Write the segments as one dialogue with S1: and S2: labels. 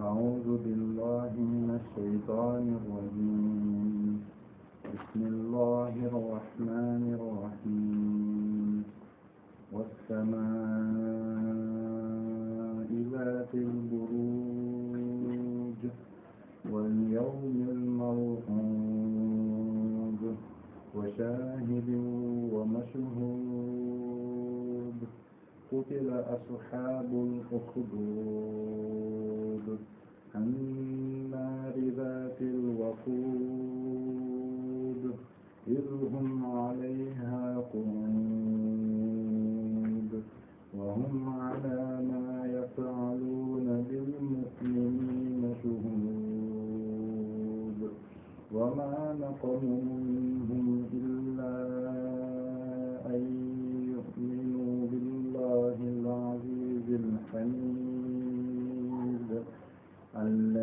S1: أعوذ بالله من الشيطان الرجيم بسم الله الرحمن الرحيم والسماء ذات البروج واليوم الموعود وشاهد ومشهود قتل أصحاب الأخدود الصدر النار ذات الوقود إذ هم عليها قعود وهم على ما يفعلون بالمؤمنين شهود وما نقموا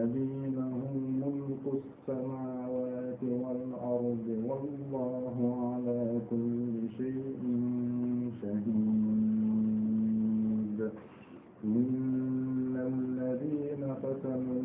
S1: الذين هم ملك السماوات والأرض والله على كل شيء شهيد إن الذين فتنوا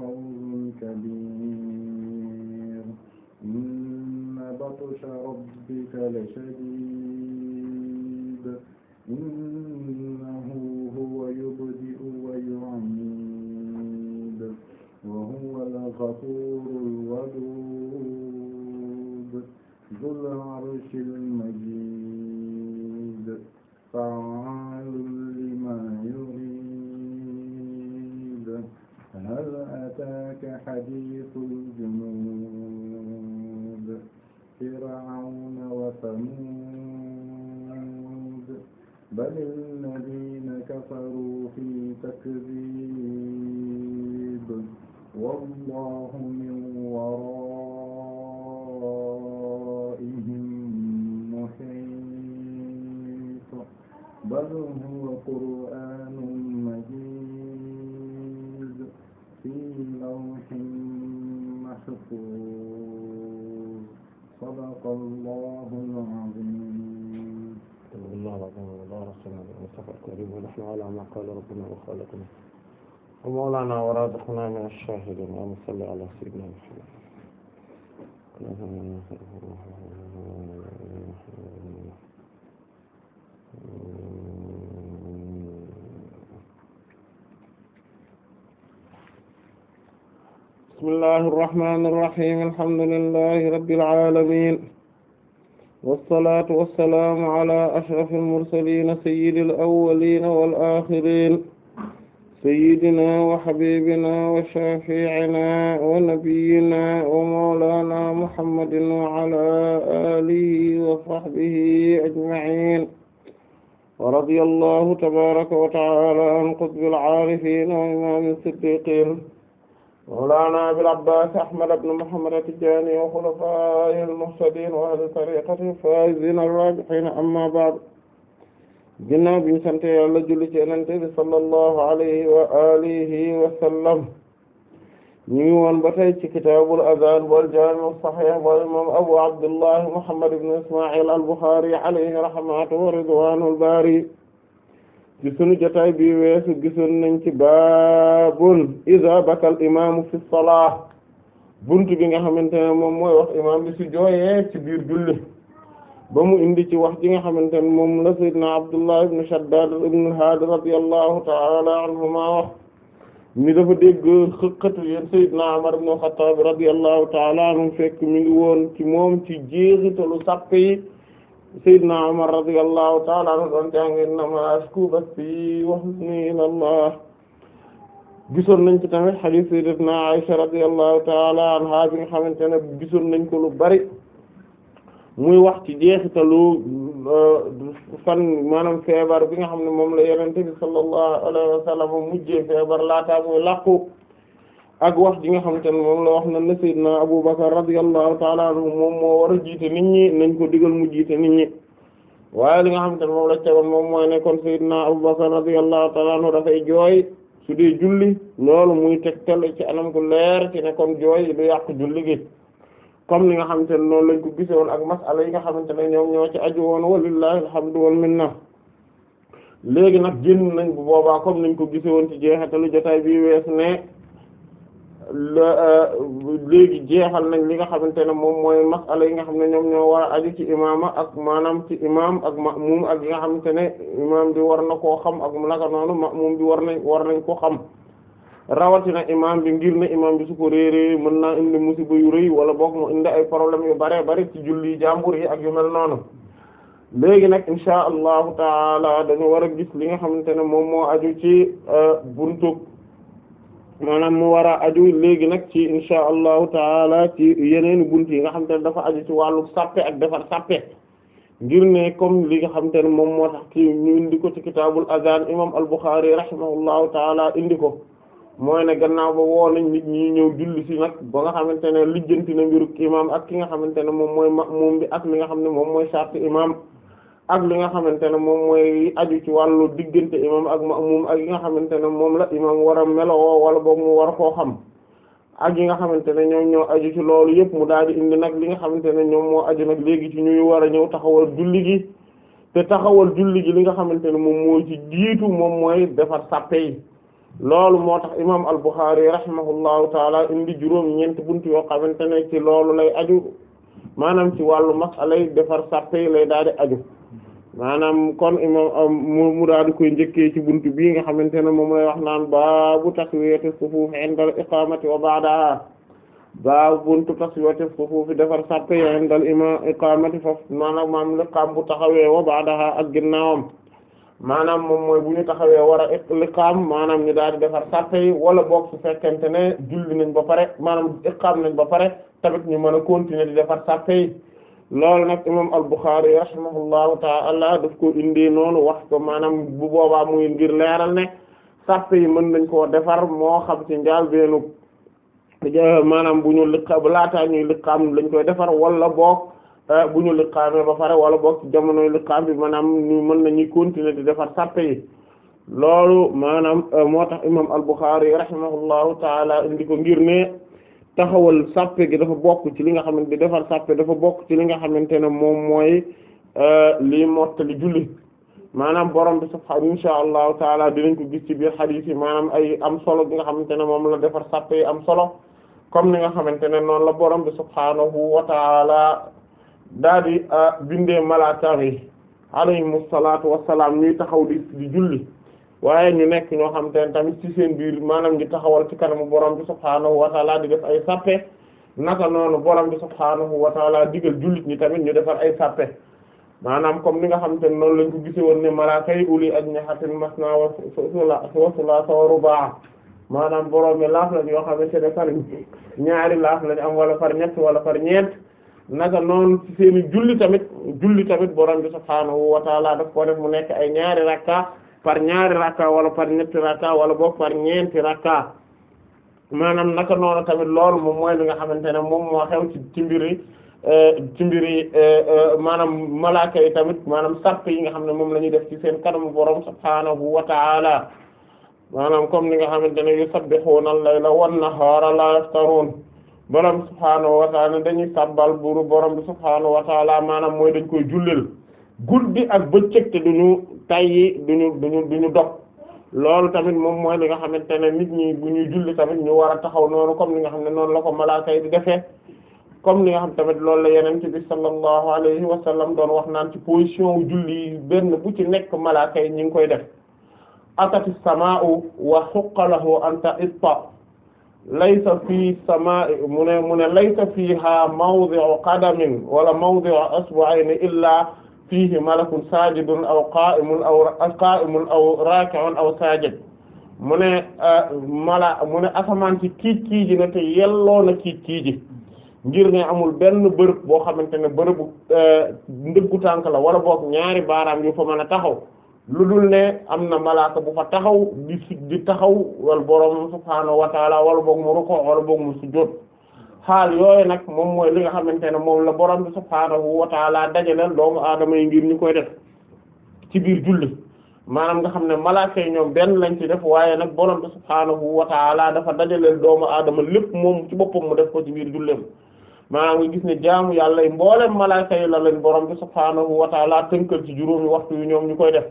S1: فوز كبير إن بطش ربك لشديد إنه هو يبدئ ويعيد وهو الغفور بل الذين كفروا في تكذيب والله من ورائهم محيط بل هو قرآن
S2: mustafad karim wa nahnu ala ma qala rabbuna wa xalaqna wa mawlana wa raziqna min ash-shahidin wa salli ala sayyidina Muhammad bismillahir rahmanir rahim alhamdulillahi rabbil alamin والصلاة والسلام على أشرف المرسلين سيد الأولين والآخرين سيدنا وحبيبنا وشفيعنا ونبينا ومولانا محمد وعلى آله وصحبه أجمعين ورضي الله تبارك وتعالى عن قطب العارفين وإمام الصديقين mawlaana abil abbaas ahmad ibn muhammad at-tijaani wa xulafaa'ihi al-muhtadiin wa ahli tariiqatihi al-faa'iziina ar-raabihiina ammaa ba'du ginnaaw bi ñu sant Yàlla julli ci Yonent bi sallallahu alayhi wa aalihi wa sallam ñu ngi woon ba tey ci kitaabul azaan wal jaami' as-sahiih wal imaam abu abdullah muhammad ibn ismaa'iil al-buxaari alayhi rahmatu wa ridwaanu al-baari ci sunu jotaay bi weesu gisoon nañ ci baabun iza bakal imaamu fi salaah buntu bi nga xamante ne moom mooy wax imaam bi su ci biir julli ba mu indi ci wax ji nga xamante ne moom la sayyidna Abdullah ibn Shaddad ibn al-Haad radiyallahu ta'ala anhuma wax ni dafa dégg xëqatu yéen sayyidna Umar ibn al-Khattab radiyallahu ta'ala anhu fekk mi ci moom ci jeexitalu sàppe Seydina Umar radiyallahu ta'ala anhu doon jàng innamaa ashkuu bathii wa huznii ilallah gisoon nañ ci tamit hadith Sayyidatuna Aisha radiyallahu ta'ala anha bi nga xamante ne gisoon nañ ko lu bari muy wax ci jeexitalu uh, fan maanaam feebar bi nga xam ne moom la Yonent bi sallallahu alayhi wa sallam mujjee feebar laataa muy làqu ak wax ji nga xamante ne moom la wax na ne Seydina Abu Bakar radiyallahu ta'ala anhu moom moo war a jiite nit ñi nañ ko digal mu jiite nit ñi waaye li nga xamante ne moom la tegoon moom mooy ne kon Seydina Abu Bakar radiyallahu ta'ala anhu dafay jooy su dee julli loolu muy tegtal ci anam ku leer ci ne kon jooy du yàq julli gi comme li nga xamante ne noonu lañ ko gise woon ak masala yi nga xamante ne ñoom ñoo ci aju woon walillahi alhamdu wal minna léegi nag génn nañ bu boobaa comme niñ ko gise woon ci jeexatalu jotaay bi wees ne Euh, léegi jeexal nañ li nga xamante ne moom mooy masala yi nga xam ne ñoom ñoo war a aju ci imaama ak maanaam ci imaam ak ma'muum ak yi nga xamante ne imaam bi war na koo xam ak naka noonu bi war nañ war nañ koo xam rawatina imaam bi ngir ne imaam bi su ko réeree mën naa indi musiba yu rëy wala boog mu indi ay problème yu bare bare ci julli jàmbur yi ak yu mel noonu léegi nag insha allahu taala dañu war a gis li nga xamante ne moom moo aju ci euh, buntu. maanaam mu war a aju léegi nag ci insha allahu taala ci yeneen bunt yi nga xam te ne dafa aju ci wàllu sàppe ak defar sàppe ngir ne comme li nga xam te ne moom moo tax ci ñu indi ko ci kitaabul azan imam al-Bukhari rahimahullahu taala indi ko mooy ne gannaaw ba woo nañ nit ñi ñëw julli si nag ba nga xamante ne lijjanti na mbiru imam ak ki nga xamante ne moom mooy ma'mum bi ak li nga xam ne moom mooy sàppe imam ak li nga xamante ne moom mooy aju ci wàllu diggante imam ak ma'mum ak yi nga xamante ne moom la imam war a melowoo wala boog mu war koo xam ak yi nga xamante ne ñoom ñoo aju ci loolu yëpp mu daal di indi nag li nga xamante ne ñoom moo aju nag léegi ci ñuy wara a taxawal julli gi te taxawal julli gi li nga xamante ne moom mooy ci jiitu moom mooy defar sàppe yi loolu moo tax imam al-Bukhari rahimahullahu taala indi juróom ñeent buntu yoo xamante ne ci loolu lay aju maanaam ci wàllu masalay defar sàppe yi lay daal di maanaam kon imam mu daal di koy njëkkee ci buntu bii nga xamante ne moom lay wax naan baabu taswiyati sufuuf indal iqamati wa ba'daha baabu buntu taswiyati sufuuf defar sàppe indal imam iqamati foofu maanaam maam liqaam bu taxawee wa ba'daha ak ginnaawam maanaam moom mooy bu ñu taxawee war a liqaam maanaam ñu daal di defar sàppe yi wala boog su fekkente ne julli nañ ba pare maanaam iqaam nañ ba pare tamit ñu mën a continuer di defar sàppe yi loolu nag imam al-Bukhari rahimahullahu ta'ala def ko indi noonu wax ko maanaam bu boobaa muy ngir leeral ne sàppe yi mën nañ koo defar moo xam ci njaal beenu maanaam bu ñu liqa laataa ñuy liqaam lañ koy defar wala boog eh, bu ñu liqaamee ba pare wala boog ci jamonoy liqaam bi maanaam ñu mën nañuy continuer di defar sàppe yi loolu maanaam eh, moo tax imam al-Bukhari rahimahullahu ta'ala indi ko ngir ne taxawal sàppe gi dafa bokk ci li nga xamante defar sàppe dafa bokk ci li nga xamante ne moom mooy euh, lii mottali julli maanaam borom bi subhaanahu insha allahu taala dinañ ko gis ci biir xadiis yi maanaam ay am solo bi nga xamante ne moom la defar sappe yi am solo comme ni nga xamante ne noonu la borom bi subhaanahu wa taala daal di euh, bindee malaaka yi alayhimu salaatu wassalaam ñuy taxaw di di julli waaye ñu nekk ñoo xam te ne tamit ci seen biir maanaam ñu taxawal ci kanamu borom bi subhaanahu wa taala di def ay sàppe naka noonu borom bi subhaanahu wa taala digal jullit ñi tamit ñu defar ay sàppe maanaam comme ni nga xam te noonu lañ ko gise woon ne malaaka yi uli ajnihatin masna wa sulaasa wa rubaa maanaam borom mi laaf lañ yoo xamante ne far ñaari laaf lañ am wala far ñett wala far ñeent naka noonu ci seen i julli tamit julli tamit borom bi subhaanahu wa taala daf ko def mu nekk ay ñaari rakka par ñaari rakka wala par ñetti rakka wala boog par ñeenti rakka maanaam naka tamit lool moom mooy li nga xamante ne moom moo xew ci ci mbiri eh, ci mbiri eh, eh, maanaam malaaka yi tamit maanaam sàpp yi nga xam ne moom la ñu def ci seen kanamu borom subhaanahu wa ta'ala maanaam comme ni nga xamante ne yusabbihuuna al-layla wan-nahaara laa yaftaruun borom subhaanahu wa ta'ala dañuy sabbal buuru borom bi subhaanahu wa ta'ala maanaam mooy dañ koy jullil guddi ak bëccëg te duñu tayyi duñu duñu duñu dog loolu tamit moom mooy li nga xamante ne nit ñi bu ñuy julli tamit ñu war a taxaw noonu comme li nga xam ne noonu la ko malaaka yi di defe comme ni nga xam tamit loolu la yeneen ci bi sallallahu alayhi wa sallam doon wax naan ci position julli benn bu ci nekk malaaka yi ñu ngi koy def atati samaa'u wa huqqalahu anta itta laysa fii samaa'i mu ne mu ne laysa fiiha mawdi'u qadamin wala mawdi'u asbu'ayni illa fiihi malakun sajidun aw qa'imun aw qa'imun aw raki'un aw sajid mu ne ah, mala mu ne asamaan ci kiic kiiji na te yelloo na kiic kiiji ngir ne amul benn bërëb boo xamante ne bërëbu eh, ndëggu tànk la wala book ñaari baaraam yu fa mën a taxaw lu dul ne am na malaaka bu fa taxaw di si di taxaw wala borom subhaanahu wa wala book mu ruku wala book mu sujjóot xaal yooyu nag moom mooy li nga xamante ne moom la borom bi subhaanahu wa taala dajaleel doomu aadama yi ngir ñu koy def biir julli maanaam nga xam ne malaaka yi ñoom benn lañ ci def waaye nag borom bi subhaanahu wa dafa dajaleel doomu aadama lépp moom ci boppam mu def ko ci biir julleem maa nga gis ne jaamu yàlla yi mboole malaaka yi la leen borom bi subhaanahu wa taala tënkal ci juróomi waxtu yu ñoom ñu koy def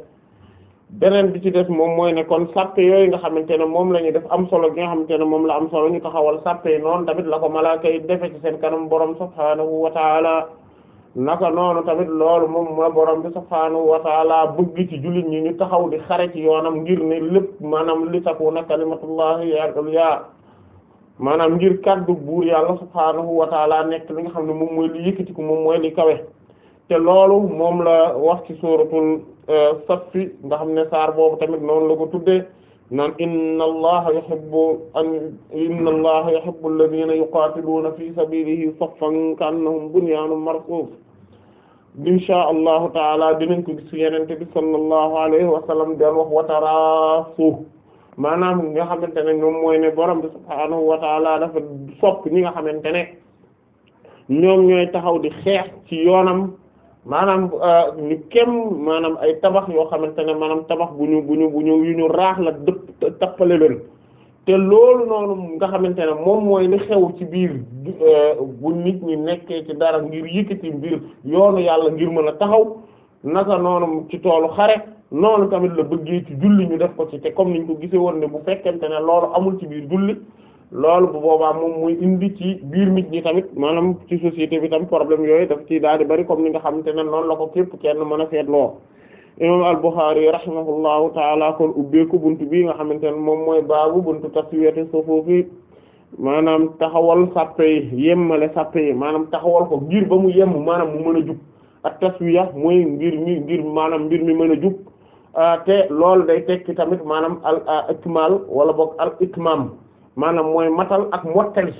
S2: beneen bi ci des moom mooy ne kon sàppe yooyu nga xamante ne moom la ñu def am solo gi nga xamante ne moom la am solo ñu taxawal sàppe yi noonu tamit la ko malaaka yi defe ci seen kanam borom subhaanahu wa taala naka noonu tamit loolu moom la borom bi subhaanahu wataala taala bëgg ci jullit ñi ñu taxaw di xare ci yoonam ngir ne lépp maanaam li takuna kalimatullahi al-ulya maanaam ngir kaddu buur yàlla subhaanahu wa taala nekk li nga xam ne moom mooy li yëkkati ko moom mooy li kawe te loolu moom la wax ci suratul Euh, saffi nga xam ne saar boobu tamit noonu la ko tuddee naan inna allaha yuhibbu an inna allaha yuhibbu alladhina yuqatiluuna fi sabilihi saffan ka'annahum bunyanun marsus inshaa allahu taala dinañ ko gis yenente bi sallallahu alayhi wa sallam daan wax wataraasu maanaam nga xamante ne ñoom mooy ne borom bi subhaanahu wa taala dafa nga xamante ne ñoom ñooy taxaw di xeex ci yoonam maanaam euh, ni kem maanaam ay tabax yoo xamante ne maanaam tabax bu ñu bu ñu bu ñu yu ñu raax la dëpp tappale leen te loolu noonu nga xamante ne moom mooy ni xew ci biir euh, bu nit ñi nekkee ci dara ngir yëkkati mbir yoonu yàlla ngir mën a taxaw naka noonu ci toolu xare noonu tamit la bëggee ci julli ñu def ko ci te comme niñ ko gisee woon ne bu fekkente ne loolu amul ci biir julli loolu bu boobaa moom muy indi ci biir nit ñi tamit maanaam ci société bi tamit problème yooyu daf ciy daal di bari comme ni nga xamante ne noonu la ko képp kenn mën a seetloo imam al-Bukhari rahimahullahu taala kon ubbeeku buntu bii nga xamante ne moom mooy baabu buntu taswiyati sufufi maanaam taxawal sàppe yi yemmale sàppe yi maanaam taxawal ko ngir ba mu yemm maanaam mu mën a jub ak taswiya mooy ngir mi ngir maanaam mbir mi mën a jub ah, te loolu day tekki tamit maanaam al ah, ikmal wala boog al ikmam maanaam mooy matal ak mottali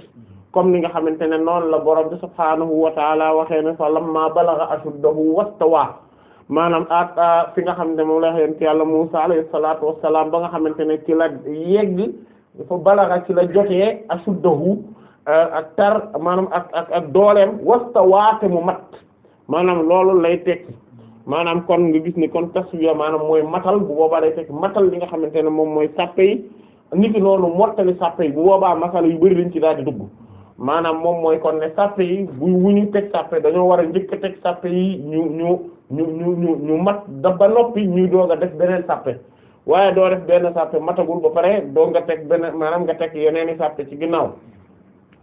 S2: comme ni nga xamante ne noonu la borom bi subhaanahu wa taala waxee ne fa lamma balagha ashuddahu wastawa maanaam ak ah, fi nga xam ne moom la yonent yàlla Muusaa alayhi salaatu wassalaam ba nga xamante ne ci la yegg fa balagha ci la jotee ashuddahu ah, ak tar maanaam ak ak ak dooleem te mu mat maanaam loolu lay tekki maanaam kon nga gis ni kon taswiya maanaam mooy matal bu boobaa lay tekki matal li nga xamante ne moom mooy sàppe yi nit ki noonu mottali sàppe yi bu boobaa masala yu bëri lañ ci daal dugg maanaam moom mooy kon ne sàppe yi bu wu ñu teg sàppe dañoo war a njëkk teg sàppe yi ñu ñu ñu ñu ñu ñu mat da ba noppi ñuy doog a def beneen sàppe waaye doo def benn sàppe matagul ba pare doo nga teg benn maanaam nga teg yeneen i sàppe ci ginnaaw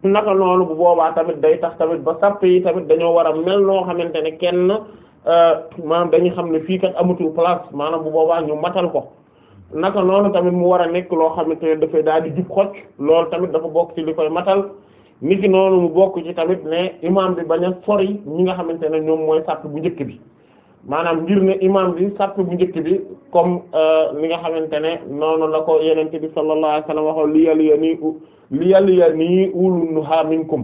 S2: naka noonu bu boobaa tamit day tax tamit ba sàppe yi tamit dañoo war a mel noo xamante ne kenn euh, maam dañuy xam ne fii kat amatul place maanaam bu ñu matal ko naka noonu tamit mu war a nekk loo xamante ne dafay daal di jub xocc lool tamit dafa bokk ci li koy matal ki noonu mu bokk ci tamit ne imaam bi bañ a sori ñi nga xamante ne ñoom mooy sàpp bu njëkk bi maanaam ngir ne imaam bi sàpp bu njëkk bi comme euh, li nga xamante ne noonu la ko yenente bi sallallahu alayhi wa sallam waxoon li yàlli ya nii li yàlli ya nii xaa nuha minkum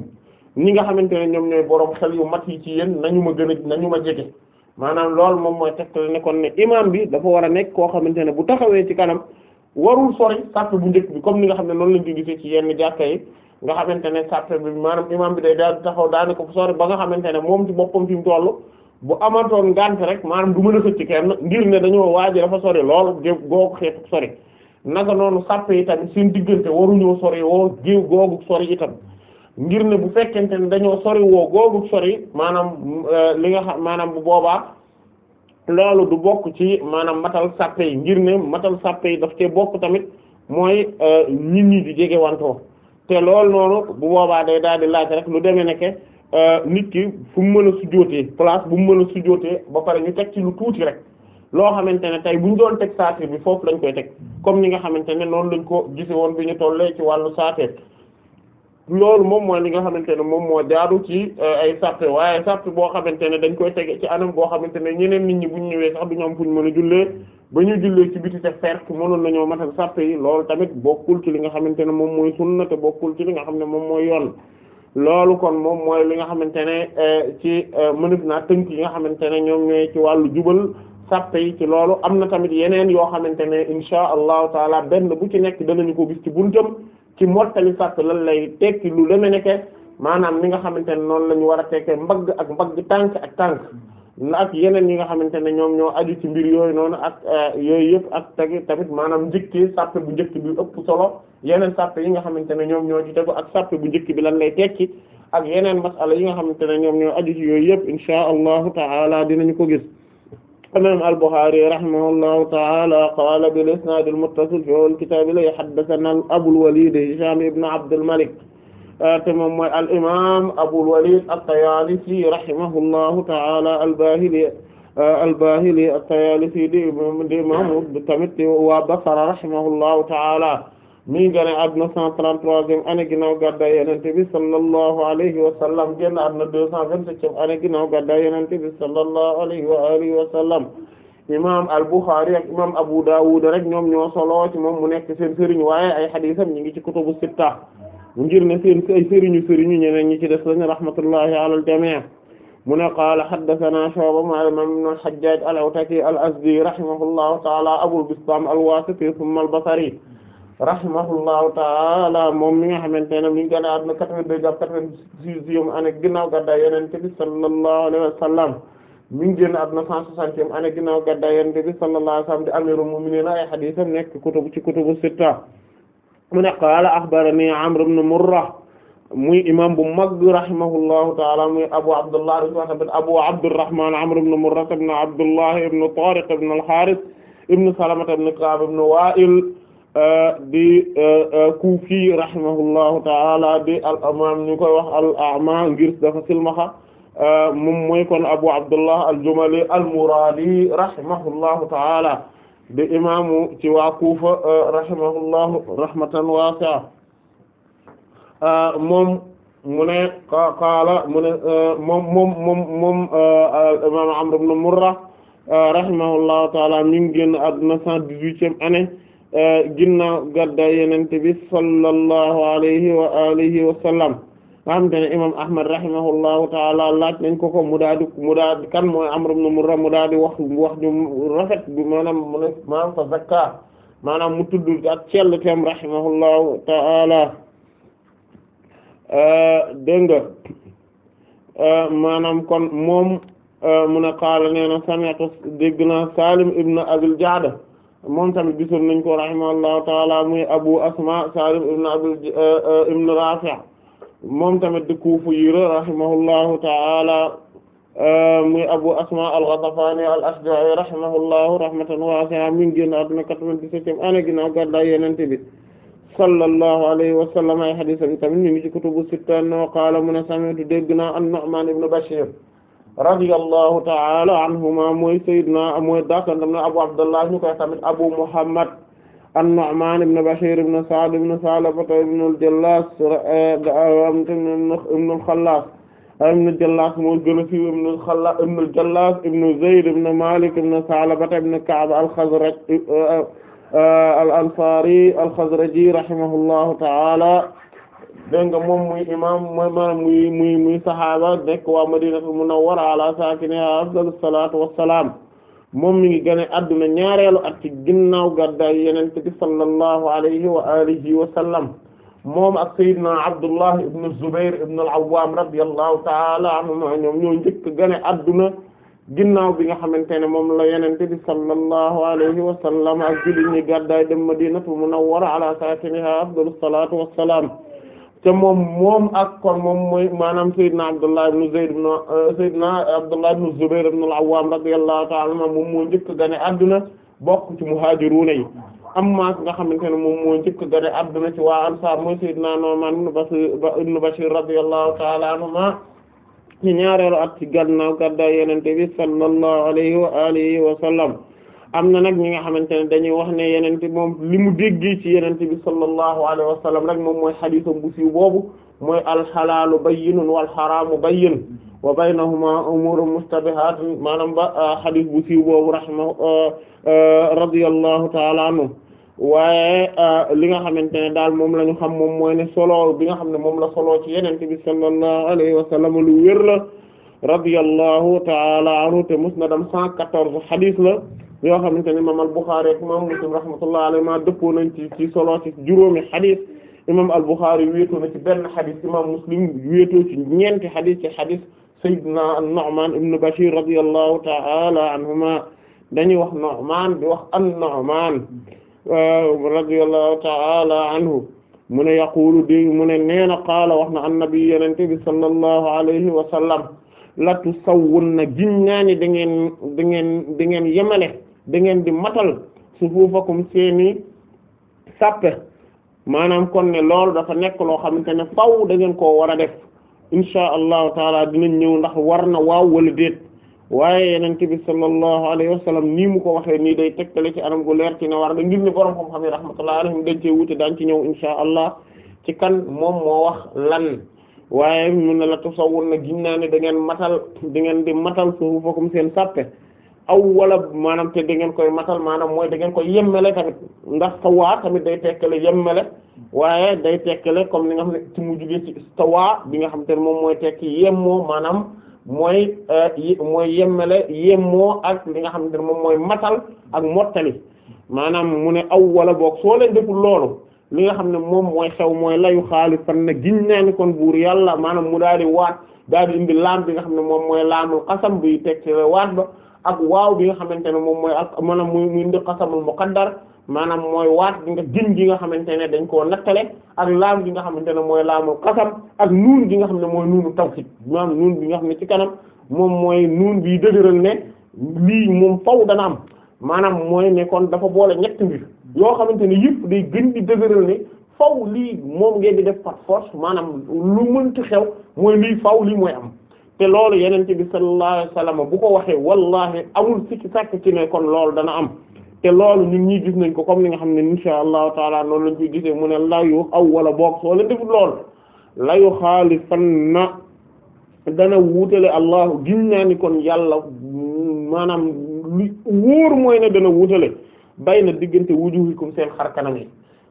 S2: ñi nga xamante ne ñoom ñooy boroom xel yu mat yi ci yéen nañu ma gën a nañu ma jege maanaam lool moom mooy teg ne nekkoon ne imaam bi dafa war a nekk koo xamante ne bu taxawee ci kanam warul sori sàppe bu njëkk bi comme ni nga xam ne noonu lañ ko gisee ci yenn jàkka yi nga xamante ne sàppe bi maanaam imaam bi day daal di taxaw daane ko sori ba nga xamante ne moom ci boppam fi mu toll bu amatoon ngànt rek maanaam du mën a xëcc kenn ngir ne dañoo waaj dafa sori loolu géew googu xeetu sori naka noonu sàppe yi tamit seen diggante waruñoo sori woo géew googu sori itam ngir ne bu fekkente ne dañoo sori woo googu sori maanaam euh, li nga xam maanaam bu boobaa loolu du bokk ci maanaam matal sàppe yi ngir ne matal sàppe yi daf cee bokk tamit mooy euh, nit ñi di jege wantoo te loolu noonu bu boobaa day daal di laaj rek lu demee ne ke euh, nit ki fu mu mën a sujootee place bu mu mën a sujootee ba pare ñu teg ci lu tuuti rek loo xamante ne tey bu ñu doon teg saatir bi foofu lañ koy teg comme ni nga xamante ne noonu lañ ko gise woon bi ñu tollee ci wàllu saatir loolu moom mooy li nga xamante ne moom moo jaadu ci euh, ay sàppe waaye sàppe boo xamante ne dañ koy tege ci anam boo xamante ne ñeneen nit ñi buñ ñëwee sax duñu am fuñ mën a jullee ba ñu jullee ci biti te fekk mënoon nañoo matal sàppe yi loolu tamit bokkul ci li nga xamante ne moom mooy sunna te bokkul ci li nga xam ne moom mooy yoon loolu kon moom mooy li nga xamante ne euh, ci euh, mënif naa tënk yi nga xamante ne ñoom ñooy ci wàllu jubal sàppe yi ci loolu am na tamit yeneen yoo xamante ne insha allahu taala benn bu ci nekk dana ñu ko gis ci buntam ci mottali sàpp lan lay tekki lu leme ne ke maanaam ni nga xamante ne noonu la ñu war a tekkee mbagg ak mbagg tànk ak tànk ak yeneen yi nga xamante ne ñoom ñoo aju ci mbir yooyu noonu ak euh, yooyu yëpp ak tagi tamit maanaam njëkki sàpp bu jëkk bi ëpp solo yeneen sàpp yi nga xamante ne ñoom ñoo ci tegu ak sàpp bu njëkk bi lan lay tekki ak yeneen masala yi nga xamante ne ñoom ñoo aju ci yooyu yëpp insha allahu taala dinañu ko gis imam al-Bukhari rahimahullahu ta'ala qala bil isnad al-muttasil fi al-kitab li haddathana Abul Walid Hisham ibn Abd al-Malik te moom mooy al-imam Abul Walid at-Tayalisi rahimahullahu ta'ala al-Bahili al-Bahili at-Tayalisi di imam tamit waa Basra rahimahullahu ta'ala mi ngi gane àdduna 133e année ginnaaw gàddaay Yonent bi sallallahu alayhi wa sallam génn àdduna 227e année ginnaaw gàddaay Yonent bi sallallahu alayhi wa alihi wa sallam imam al ak imam Abu Dawud rek ñoom ñoo solo ci moom mu nekk seen sëriñ waaye ay xadiisam ñi ngi ci kutubu sitta ngir ne seen ay sëriñu sëriñu ñeneen ñi ci des lañu rahmatullahi ala al-jami' mu ne qaala haddathana Shu'ba ma'a al-imam ibn al-Hajjaj al-Awtaki al-Azdi rahimahullahu ta'ala Abul Bistam al-Wasiti thumma al-Basri rahimahullahu taala moom mi nga xamante ne mi nga gën a àdduna 82 jàpp 86e année ginnaaw gàddaay Yonent bi sallallahu alayhi wa sallam mi ngi génn àdduna 160e année ginnaaw gàddaay Yonent bi sallallahu alayhi wa sallam di amiirul mu'miniin ay hadiisam nekk kutubu ci kutubu sitta mu ne qaala axbarani Amr ibn Murra muy imam bu mag rahimahullahu taala muy Abu Abdullah Abu Abdurrahman Amr ibn Murra ibn Abdullah ibn Tariq ibn al-Harith ibn Salamah Euh, di euh, euh, Kuufi rahimahullahu ta'ala di al imaam ñu koy wax al a'ma ngir dafa silmaxa moom mooy kon Abu Abdullah al-Jumali al-Muradi rahimahullahu ta'ala di imaamu ci waa Kuufa rahimahullahu rahmatan waasi'a moom mu ne qaala mu ne moom moom moom moom imaam Amr ibn Murra rahimahullahu ta'ala mi ngi génn àdduna 118e année E, ginnaaw gaddaay yenente bi sallallahu alayhi wa alihi wa sallam nga xamante imam ahmad rahimahullahu taala laaj nañ ko ko mu daa di mu daa di kan mooy amru ibn murra mu daa wax wax ñu rafet bi maanaam mu maanaam fa zakka maanaam mu tudd ak cell teem rahimahullahu taala e, dégg nga e, kon moom mu ne qaala nee na sami'tu dégg naa salim ibn abil ja'da moom tamit gisoon nañ ko rahimahullahu taala muy Abu Asma Salim ibn Abil euh, ibn tamit di Kuufa yi la rahimahullahu taala euh, muy Abu Asma al-Ghatafani al-Ashja'i rahimahullahu rahmatan wasi'a mi ngi génn àdduna 97e année ginnaaw gàddaay Yonent bi sallallahu alayhi wa sallam ay hadiis tamit ñu ngi ci kutubu sitta no qaala mu ne sami'tu dégg naa an ibn Bashir radiyallahu ta'ala anhuma mooy sayyidna mooy dakantam na abu abdullah ñu koy tamit abu muhammad an-nu'man ibn bashir ibn sa'd ibn salaba ibn al-jallas ibn al-khallas ibn al-jallas mooy gën a fi ibn al-khallas ibn al-jallas ibn zayd ibn malik ibn salaba ibn ka'b al-khazraj al-ansari al-khazraji rahimahullahu ta'ala dégg nga moom muy imam maanaam muy muy muy saxaaba nekk waa madinatul munawwara ala saakinihaa afdalu salaatu wassalaam moom mi ngi gane adduna ñaareelu at ci ginnaaw gàddaay yonent bi sallallahu alayhi wa alihi wa sallam moom ak sayyidina Abdullah ibn Zubair ibn al-Awwam radiyallahu ta'ala anhuma ñoom ñoo njëkk gane adduna ginnaaw bi nga xamante ne moom la yonent bi sallallahu alayhi wa sallam ak jullit ñi gàddaay dem madinatul munawwara ala saakinihaa afdalu salaatu wassalaam te moom moom ak kon moom mooy maanaam Seydina Abdullah ibn Zayd ibn euh, Seydina Abdullah ibn Zubayr ibn al-Awwam radiyallahu ta'ala anhu moom moo njëkk gane adduna bokk ci muhajiruna yi amma nga xamante ne moom moo njëkk gane adduna ci waa Ansaar mooy Seydina Nu'man ibn Bashir ibn Bashir radiyallahu ta'ala anhuma ci ñaareelu at ci gannaaw gàddaay Yonent bi sallallahu alayhi wa alihi wa sallam am na nag ñi nga xamante ne dañuy wax ne yenente moom li mu déggee ci yenente bi sallallahu alayhi wa sallam rek moom mooy xadiisam bu siw boobu mooy alxalaalu bayyinun wal xaraamu bayyin wa baynahuma umuurun mustabihaatun maanaam ba ah, xadiis bu siiw boobu rahma ah, ah, radiyallahu taala anhu waaye li nga xamante ne daal moom lañu xam moom mooy ne solo bi nga xam ne moom la solo ci yenente bi sallallahu alayhi wa sallam lu wér la radiyallahu taala anhu te musnadam 114 xadiis la yoo xamante ne imaam al-Bukhari ak imaam Muslim rahmatullahi alayhima dëppoo nañ ci ci solo ci juróomi xadis imaam al-Bukhari wéetoo na ci benn xadis imaam Muslim wéetoo ci ñeenti xadis ci xadis Sayyidina an-Nu'man ibn Bashir radiyallahu ta'ala anhuma dañuy wax Nu'man di wax an-Nu'man euh, radiyallahu ta'ala anhu mu ne yaqulu di mu ne nee na qaala wax na annabi yenente bi sallallahu alayhi wa sallam la tusawwunna giñ naa ni da ngeen da ngeen da ngeen yemale da ngeen di matal sufuufakum seeni sàppe maanaam kon ne loolu dafa nekk loo xamante ne faw da ngeen koo war a def insha allahu taala dinañ ñëw ndax war na waaw wala déet waaye yenente bi sallallahu alayhi wa sallam nii mu ko waxee nii day tegtale ci anam gu leer ci ne war na ngir ne borom xam-xam yi rahmatullah alayhim dañ cee wuute daañ ci ñëw insha allah ci kan moom moo wax lan waaye mun na la tasawwur na giñ naa ne da ngeen matal da ngeen di matal sufuufakum seen sàppe aw wala maanaam te da ngeen koy matal maanaam mooy da ngeen koy yemmele tamit ndax tawaa tamit day tekkale yemmele waaye day tekkale comme ni nga xam ne ci mu jugee ci tawaa bi nga xam ne moom mooy tekki yemmoo maanaam mooy euh, mooy yemmele yemmoo ak li nga xam te ne moom mooy matal ak mottali maanaam mu ne aw wala boog soo leen deful loolu li nga xam ne moom mooy xew mooy layu xaali fan na giñ naa kon buur yàlla maanaam mu daal di waat daal di indi laam bi nga xam ne moom mooy laamul xasam bi tekki waat ba ak waaw bi nga xamante ne moom mooy ak maanaam muy muy ndi qasamul muqaddar maanaam mooy waat bi nga gin gi nga xamante ne dañ koo nattale ak laam gi nga xamante ne mooy laamul qasam ak nuun gi nga xam ne mooy nuunu tawhid maanaam nuun bi nga xam ne ci kanam moom mooy nuun bi dëgëral ne lii moom faw dana am maanaam mooy nekkoon dafa boole ñetti mbir yoo xamante ne yëpp day gën bi dëgëral ne faw lii moom ngeen di def par force maanaam lu mënti xew mooy lii faw lii mooy am te loolu yeneen bi sallallahu alayhi wa sallam bu ko waxee wallahi amul sikki sàkk ci ne kon loolu dana am te loolu ñun ñii gis nañ ko comme li nga xam ne insha allahu taala noonu lañ koy gisee mu ne layu aw wala boog soo leen defut lool layu na dana wuutale allahu gin naa ni kon yàlla maanaam lu wóor mooy ne dana wuutale bay na diggante wuju wujuhikum seen xar kanam yi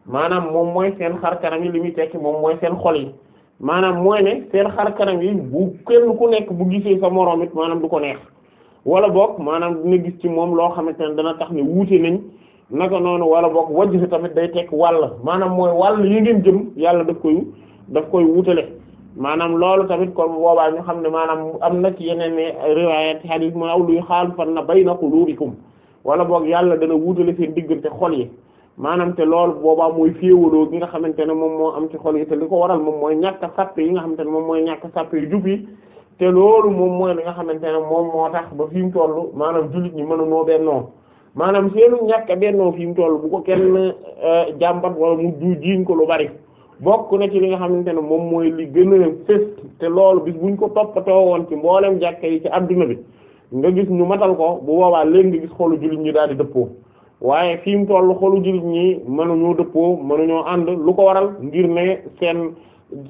S2: maanaam moom mooy seen xar yi li muy tekki moom mooy seen xol yi maanaam mooy ne seen xar kanam yi bu kenn ku nekk bu gisee sa moroom it maanaam du ko neex wala boog maanaam dina gis ci moom loo xamante ne dana tax ne wuute nañ naka noonu wala boog wajj tamit day teg wàll maanaam mooy wàll yi ngeen jëm yàlla daf koy daf koy wutale maanaam loolu tamit kon boobaa ñu xam ne maanaam am na ci yeneen riwaayat hadith mooy aw luy xaal fan na na bayna qulubikum wala boog yàlla dana wutale seen diggante xol yi maanaam te loolu boobaa mooy féewaloo gi nga xamante ne moom moo am ci xol yi li ko waral moom mooy ñàkk a sàppe yi nga xamante ne moom mooy ñàkk a sàppe yu jub yi te loolu moom mooy li nga xamante ne moom moo tax ba fi mu toll maanaam jullit ñi mën a noo maanaam seenu ñàkk a bennoo mu toll bu ko kenn euh, jàmbat wala mu jiiñ ko lu bari bokk na ci li nga xamante ne moom mooy li gën a te loolu bis buñ ko toppatoo woon ci mboolem jàkka yi ci adduna bi nga gis ñu matal ko bu boobaa léegi nga gis xolu jullit ñi daal di dëppoo waaye fi mu toll xolu jullit ñi mënuñoo dëppoo ñoo ànd lu ko waral ngir ne seen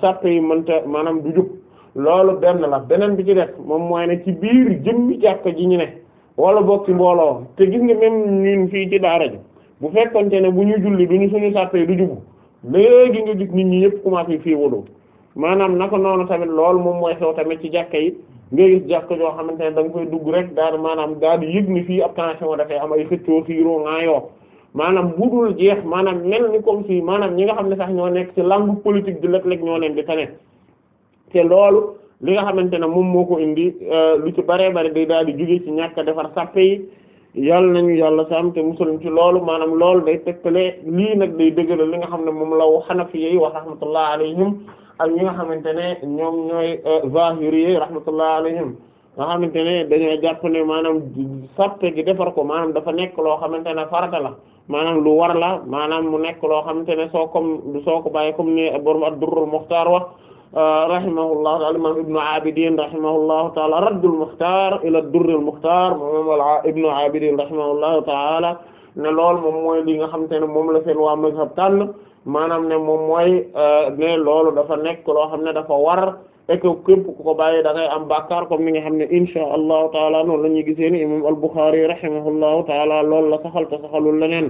S2: sàppe yi man mënta maanaam du jub loolu benn la beneen bi ci def moom mooy ne ci biir jëmmi jàkka ji ñu ne wala bokk ci mbooloo te gis nga même ñun fii ci daara ji bu fekkonte ne bu ñu julli duñu suñu sàppe yi du jubu léegi nga gis nit ñi yëpp commencé fii wóolu maanaam naka noonu tamit loolu moom mooy xew tamit ci jàkka yi nga gis jàkk joo xamante ne da nga koy dugg rek daal maanaam daal di yëg ni fii ab tension dafay am ay xëccoo xiiroo ngaayoo maanaam bu dul jeex maanaam mel ni comme maanaam ñi nga xam ne sax ñoo nekk ci langue politique di léeg-léeg ñoo leen di tane te loolu li nga xamante ne moom moo ko indi euh, lu ci baree bari day daal di jóge ci ñàkk defar sàppe yi yàlla nañu yàlla saam te musulum ci loolu maanaam lool day tegtale lii nag day dëgëral li nga xam ne moom la Hanafi yi wa rahmatullah alayhim ak ñi nga xamante ne ñoom ñooy euh, zahiri rahmatullah alayhim nga xamante ne dañoo jàpp ne maanaam sàppe gi defar ko maanaam dafa nekk loo xamante ne farata la maanaam lu war la maanaam mu nekk loo xamante ne soo comme soo ko bàyyi comme ni borom ad-durrul muxtaar wax euh, rahimahullahu taala imam ibnu abidin rahimahullahu taala raddul muxtaar ila durrul muxtaar moom ibnu abidin rahimahullahu taala ne loolu moom mooy li nga xamante ne moom la seen waa mazhab tànn maanaam ne moom mooy euh, ne loolu dafa nekk loo xam ne dafa war et que ko bàyyi da ngay am bàkkaar comme ni nga xam ne insha allahu taala noonu la ñuy gisee ni imam al-Bukhari rahimahullahu taala loolu la saxal te saxalul leneen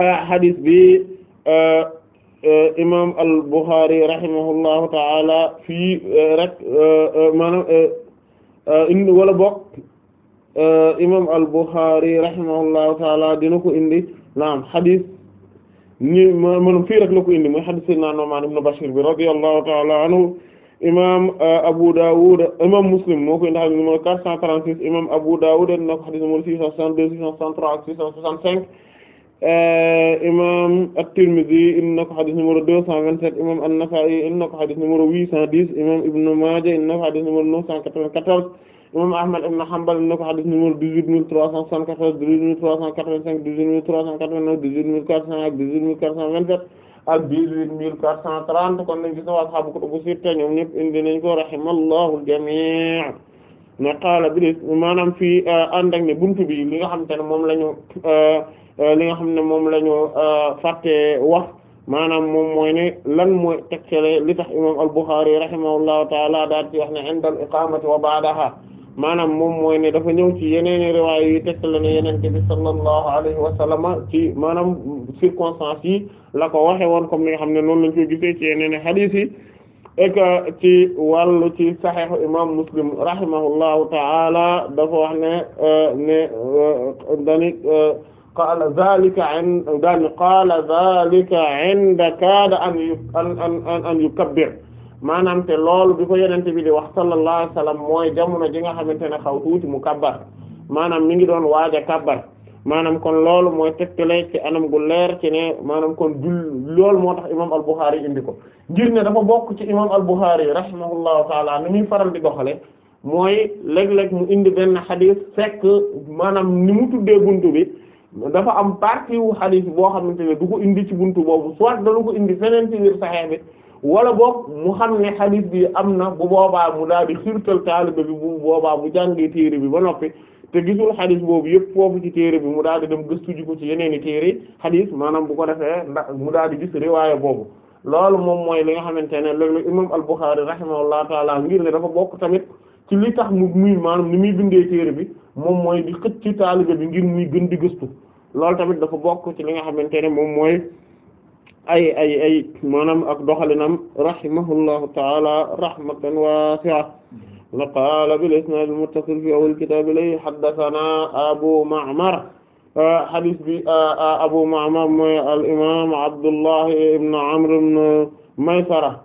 S2: euh, hadith bi euh, imam al-Bukhari rahimahullahu taala fii rek maanaam indi wala ko indi naam hadith ñi maanaam fii rek la ko indi mooy hadith sayyidina Nu'man ibn Bashir bi radiyallahu ta'ala anhu imam uh, Abu Dawud imam Muslim moo ko indi hadith numéro 436 imam Abu Dawud na ko hadith numéro 662 663 ak 665 uh, imam At-Tirmidhi indi na ko hadith numéro 227 imam An-Nasa'i indi na ko hadith numéro 810 imam Ibn Majah indi na ko hadith numéro 994 imam Ahmad ibn Hanbal na ko xadis numéro dix-huit mille trois cent soixante-quatorze dix-huit mille trois cent quatre-vingt-cinq dix-huit mille trois cent quatre-vingt-neuf dix-huit mille quatre cent ak dix-huit mille quatre cent vingt-sept ak dix-huit mille quatre cent trente kon nañ gis na waa ashaabu kutubu sitta ñoom ñëpp indi nañ ko rahimallahu al-jamii' ne qaala bilis maanaam fii euh, ànd ak ne buntu bi li nga xam te ne moom la ñu euh, euh, li nga xam ne moom la ñu fàtte wax maanaam moom mooy ne lan mooy tegtale li tax imam al-Bukhari rahimahullahu taala daal di wax ne inda al-iqaamati wa ba'daha maanaam moom mooy ne dafa ñëw ci yeneeni riwaaya yi tegtale ne yenente bi sallallahu alayhi wa sallam ci maanaam circonstances yi la ko waxe woon comme ni nga xam ne noonu lañ ko gisee ci yeneeni hadith yi ek ci wàllu ci saxiixu imam muslim rahimahullahu ta'ala dafa wax ne euh, ne euh, euh, dani qaala zaalika dani qaala zaalika inda kaada an an an yukabbir maanaam te loolu bi ko yenente bi di wax sallallahu alayhi wa mooy jamono ji nga xamante ne xaw tuuti mu kabbar maanaam mi ngi doon waaja a kabbar maanaam kon loolu mooy tegtale ci anam gu leer ci ne maanaam kon jul loolu moo tax imam al-Bukhari indi ko ngir ne dafa bokk ci imam al-Bukhari rahimahullahu taala ni muy faral di doxale mooy léeg-léeg mu indi benn xadis fekk maanaam ni mu tuddee buntu bi dafa am partie wu xadis boo xamante ne du ko indi ci buntu boobu soit dana ko indi feneen ci biir bi wala boog mu xam ne hadith bi am na bu boobaa mu daal di xirtal taalibe bi bu boobaa mu jàngee téere bi ba noppi te gisul hadith boobu yëpp foofu ci téere bi mu daal di dem gëstu ji ko ci yeneen i téere hadith maanaam bu ko defee ndax mu daal di gis riwaaya boobu loolu moom mooy li nga xamante ne léeg-léeg imam al-Bukhari rahimahullahu ngir ne dafa bokk tamit ci li tax mu muy maanaam ni muy bindee téere bi moom mooy di xëcc ci bi ngir muy gën di gëstu loolu tamit dafa bokk ci li nga xamante ne moom mooy ay ay ay maanaam ak doxalinam rahimahullahu taala rahmatan wasi'a la qaala bil isnaad al muttasil fi awwal kitaab ilay haddathana abu ma'mar hadith bi abu ma'mar mooy al imaam abdullah ibn amr ibn maysara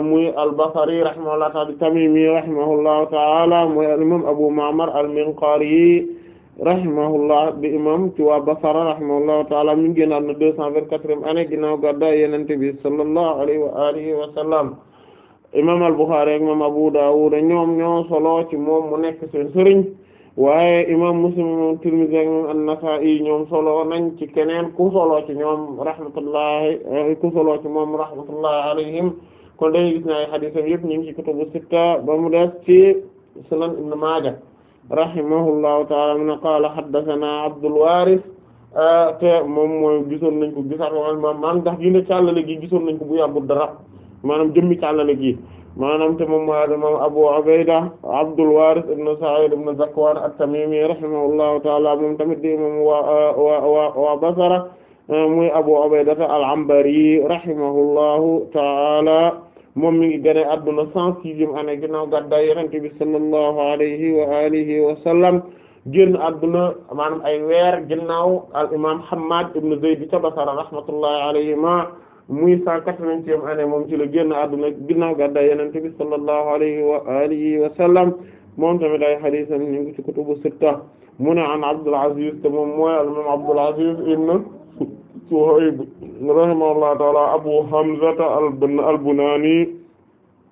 S2: muy al basri rahimahullahu taala tamimi rahimahullahu taala mooy al imaam abu ma'mar al minqari rahimahullah bi imam ci waa Basra rahimahullahu taala mi ngi génnaat na deux cent vingt-quatrième a ginnaaw gàddaay Yonent bi sallallahu alayhi wa alihi wa sallam imam al-Bukhari ak imam Abu Dawud ñoom ñoo solo ci moom mu nekk seen sëriñ waaye imam Muslim imam Tirmidhi ak ñoom solo nañ ci keneen ku solo ci ñoom rahmatullahi eh, ku solo ci moom rahmatullahi alayhim kon dañuy gis ne ay xadiisam yëpp ñu ngi ci kutubu sitta ba mu des ci Sunan Ibn Maaja rahimahullahu taala mu ne qaala haddathana Abdul Waaris te moom mooy gisoon nañ ko gisaat maanaam maanaam ndax gine càllale gi gisoon nañ ko bu yàggu dara maanaam jëmmi càllale gi maanaam te moom mooy imaam Abu Ubayda Abdul Waaris ibn Sa'id ibn Zakwaan at-Tamimi rahimahullahu taala moom tamit di moom waa waa waa Basra muy Abu Ubayda al-Anbari rahimahullahu taala moom mi ngi gane adduna cent sixième année ginnaaw gàddaay yonent bi sallallahu alayhi wa alihi wa sallam génn adduna maanaam ay weer ginnaaw al imam Hammad ibn Zayd ca Basra rahmatullahi alayhima muy cent quatre-vingtième année moom ci la génn adduna ginnaaw gàddaay yonent bi sallallahu alayhi wa alihi wa sallam moom tamit ay hadiisam ñu ngi ci kutubu sitta mu ne an Abdul Aziz te moom mooy al imam Abdul Aziz ibn Suhayb rahimahullahu taala Abu Hamza al-Bunani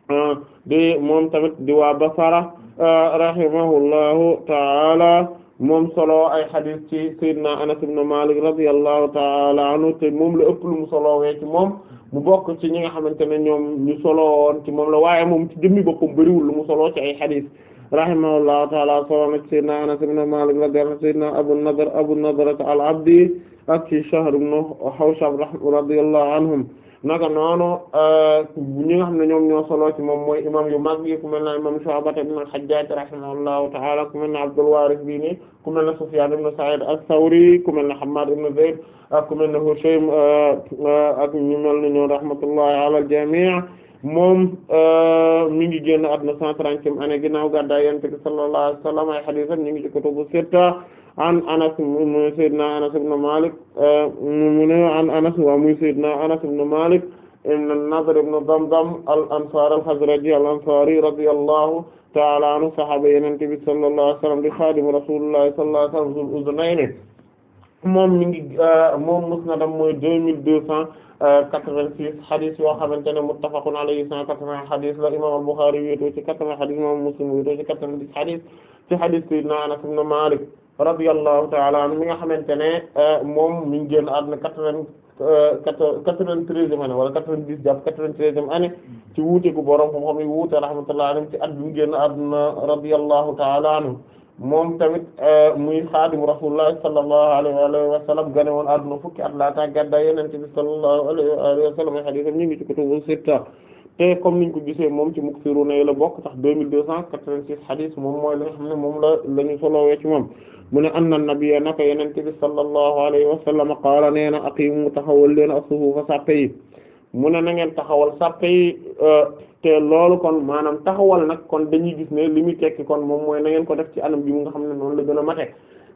S2: ah, di moom tamit di waa Basra ah, rahimahullahu taala moom solo ay xadis ci Seydina Anas ibn Malik radiyallahu taala moom la ëpp lu mu solo wee ci moom mu bokk ci ñi nga xamante ne ñoom ñu solo woon ci moom la waaye moom ci jëmmi boppam bariwul lu mu solo ci ay xadis rahimahullahu taala solo na ci Seydina Anas ibn Malik radiyallahu Seydina Abu Nadr al-Abdi ak ci Shahr ibn Hawshab radiyallahu anhum naka noonu euh, ñi nga xam ne ñoom ñoo solo ci moom mooy imam yu mag yi ku mel na imam Shu'ba ibn al-Hajjaj rahimahullahu ta'ala ku mel na Abdul Warith bi ni ku mel na Sufyan ibn Sa'id ath-Thawri ku mel na Hammad ibn Zayd ak ku mel na Hushaym euh, ak ñu mel na ñoo rahmatullahi ala al-jami' moom euh, mi ngi génn àdduna 130e année ginnaaw gàddaay Yonent bi sallallahu alayhi wa sallam ay hadiisam ñu ngi ci kutubu sitta an anas muy sayyidina anas ibn malik eh, mu ne an anas wa muy sayyidina anas ibn malik ibn an-nadr ibn damdam al-ansari al-khazraji al-ansari radiyallahu ta'ala anhu sahaba yonent bi sallallahu alayhi wa sallam di xaadimu rasulillahi sallallahu alayhi wa sallam zul uznayni moom mi ngi eh, moom musnadam mooy deux mille deux cent quatre-vingt-six xadis yoo xamante ne muttafaqun alayhi cent quatre-vingts xadis la imam al-Bukhari wéetoo ci quatre-vingts xadis imam Muslim wéetoo ci quatre-vingt-dix xadis ci xadis sayyidina Anas ibn Malik radiyallahu ta'ala anhu mi nga xamante ne euh, moom mi ngi génn àdduna quatre-vingt euh, quatre-vingt-treizième année wala quatre-vingt-dix borom xam xam yi wuute rahmatullahi alayhi ci at bi mu génn àdduna radiyallahu ta'ala anhu moom tamit euh, muy xaadimu rasulullah sallallahu alayhi wa sallam gane woon àdduna fukki at laata gàddaay Yonent bi sallallahu alayhi wa ñu ngi te comme ñu ko gisee moom ci muksiruna yi la bokk tax 2286 hadis moom mooy la nga xam moom la la ñu solowee ci moom mu ne anna na naka yenente bi sallallahu alayhi wa sallam qaala nee na aqimu taxawal leen as-sufufa sàppe mu ne na ngeen taxawal sàppe yi euh, te loolu kon maanaam taxawal nag kon dañuy gis ne li muy tekki kon moom mooy na ngeen ko def ci anam bi mu nga xam ne noon la gën a mate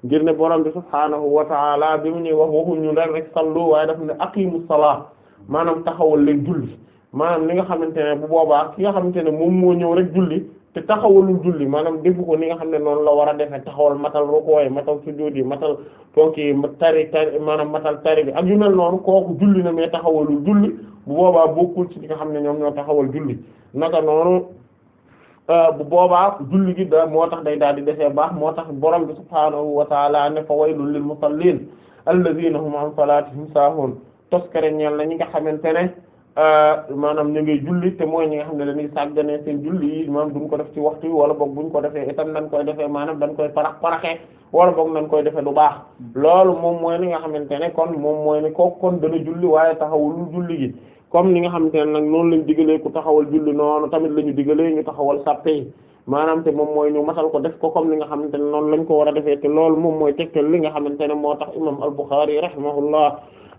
S2: ngir ne borom bi subhaanahu wa ta'ala bi mu ñuy wax waxuñu rek rek sallu waaye daf ne aqimu salaa maanaam taxawal leen julli maanaam li nga xamante ne bu boobaa ki nga xamante ne moom moo ñëw rek julli te taxawalul julli maanaam defu ko ni nga xam ne noonu la war a defee taxawal matal rukooy matal sujjóot yi matal tooki matal tari bi ak yu mel noonu kooku julli na mais taxawalul boobaa bokkul ci xam ne ñoom ñoo taxawal julli naka noonu euh, boobaa julli da moo tax day daal di defee baax moo tax borom bi subhaanahu wa taala ne fa ñi nga xamante ne Euh, maanaam ñu ngay julli te mooy ñi nga xam ne dañuy sàggane seen julli yi maanaam duñ ko def ci waxtu yi wala boog buñ ko defee itam dañ koy defee maanaam dañ koy parax paraxee wala boog nañ koy defee du baax loolu moom mooy li nga xamante ne kon moom mooy ne kooku kon dana julli waaye taxawul julli gi comme ni nga xamante ne nag noonu lañ digalee ku taxawal julli noonu tamit la ñu digalee ñu taxawal sàppe yi maanaam te moom mooy ñu masal ko def ko comme li nga xam ne noonu lañ ko war a defee te loolu moom mooy tegtal li nga xamante ne moo tax imam al-Bukhari rahimahullah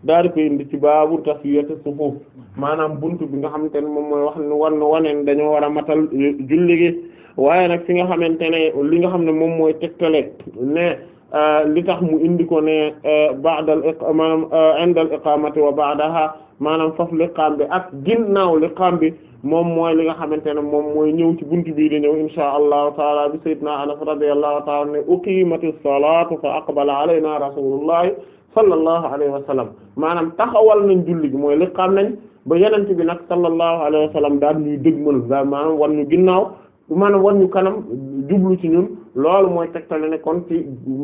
S2: daal di koy indi ci baabu tasfiyati sufuuf maanaam buntu bi nga xamante ne moom mooy wax ne war na waneen dañoo war a matal julli waaye nag fi nga xamante ne li nga xam ne moom mooy tegtale ne euh, li tax mu indi ko ne euh, ba'dal maanaam euh, indal iqaamati wa ba'daha maanaam faf liqaam bi ak ginnaaw liqaam bi moom mooy li nga xamante ne moom mooy ñëw ci buntu bii di ñëw inshaa allahu taala bi sayyidina anas radiyallahu taala ne uqiimati salaatu fa aqbala alayna rasulullahi sallallahu alayhi wa sallam maanaam taxawal nañ julli gi mooy liqaam nañ ba yenent bi nag sallallahu alayhi wa sallam daal ñuy dëgmal daa maanaam wan ñu ginnaaw maanaam wan ñu kanam jublu ci ñun loolu mooy tegtale ne kon ci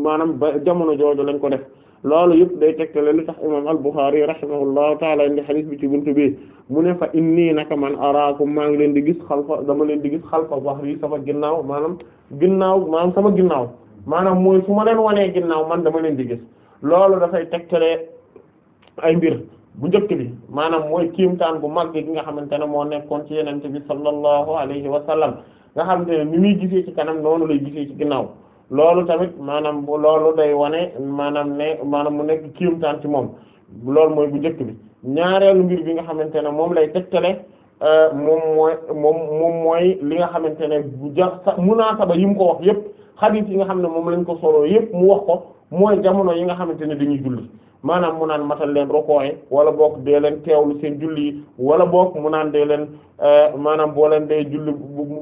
S2: maanaam ba jamono jooju lañ ko def loolu yëpp day tegtale li tax imam al-Bukhari rahimahullahu taala indi hadith bi ci buntu bi mu ne fa inni naka man araakum maa ngi leen di gis xalfa dama leen di gis xalfa wahri sama ginnaaw maanaam ginnaaw maanaam sama ginnaaw maanaam mooy su ma leen wanee ginnaaw man dama leen di gis loolu dafay tegtale ay mbir bu njëkk bi maanaam mooy kiimtaan bu mag gi nga xamante ne moo nekkoon ci yenente bi sallallahu alayhi wa sallam nga xamante ne ni muy ci kanam noonu lay gisee ci ginnaaw loolu tamit maanaam loolu day wane maanaam ne maanaam mu nekk kiimtaan ci moom loolu mooy bu njëkk bi ñaareelu mbir bi nga xamante ne moom lay tegtale euh, moom mooy mooy li nga xamante ne bu ja munaasaba yi mu ko wax yépp xadiis yi nga xam ne moom lañ ko solo yépp mu wax ko mooy jamono yi nga xamante ne dañuy julli maanaam mu naan matal leen rokooye wala book dee leen teewlu seen julli yi wala boog mu naan dee leen euh, maanaam boo leen dee julli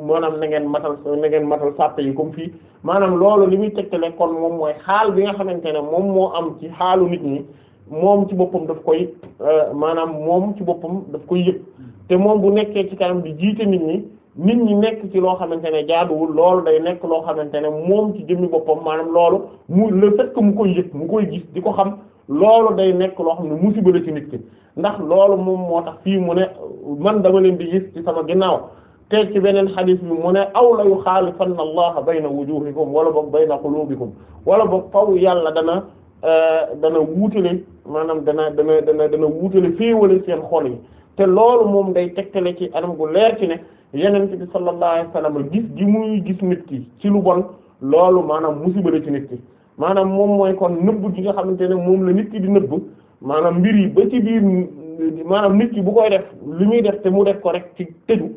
S2: maanaam na ngeen matal na ngeen matal sàpp yi comme fii maanaam loolu li muy tegtale kon moom mooy xaal bi nga xamante ne moom moo am ci xaalu nit ñi moom ci boppam daf koy euh, maanaam moom ci boppam daf koy yëg te moom bu nekkee ci kanam di jiite nit ñi nit ñi nekk ci loo xamante ne jaaduwul loolu day nekk loo xamante ne moom ci jëmmi boppam maanaam loolu mu la fait que mu koy yëg mu koy gis di ko xam loolu day nekk loo xam ne musiba la ci nit ki ndax moom moo tax mu ne man dama leen di gis ci sama ginnaaw te ci beneen xadis bi mu ne aw la yu xaalifanna allaha bayna wujuhikum wala boog bayna qulubikum wala boog faw yàlla dana euh, dana wuutale maanaam dana dana dana dana wuutale féewale seen xol yi te loolu moom day tegtale ci anam gu leer ci ne yeneen bi sallallahu alayhi wasallam gis gi muy gis nit ki ci lu bon loolu maanaam mu musiba la ci nit ki maanaam moom mooy kon nëbb gi nga xamante ne moom la nit ki di nëbb maanaam mbir yi ba ci biir maanaam nit ki bu koy def li muy def te mu def ko rek ci tëju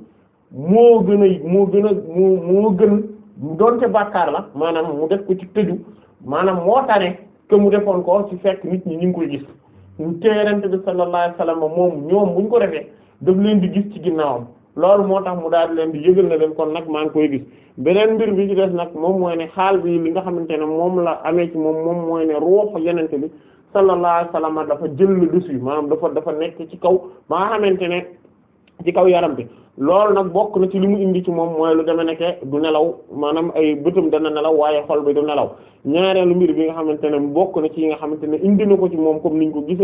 S2: moo gën a moo gën a moo moo gën doonte bàkkaar la maanaam mu def ko ci tëju maanaam moo tane que mu defoon ko ci fekk nit ñi ñu ngi koy gis teerante bi sallallahu alayhi wasallam moom ñoom buñ ko defee daf leen di gis ci ginnaawam loolu moo tax mu daal leen di yëgal ne leen kon nag maa ngi koy gis beneen mbir bi ci des nag moom mooy ne xaal bi li nga xamante ne moom la amee ci moom moom mooy ne ruux yenente bi sallallahu alayhi wasallam dafa jël le dessus maanaam dafa dafa ci kaw ba nga xamante ne yaram bi loolu nag bokk na ci li mu ci moom mooy lu deme ne du nelaw maanaam ay bëtam dana nelaw waaye xol bi du nelaw ñaareelu mbir bi nga xamante ne bokk na ci yi nga xamante ne indi na ko ci moom comme niñ ko gise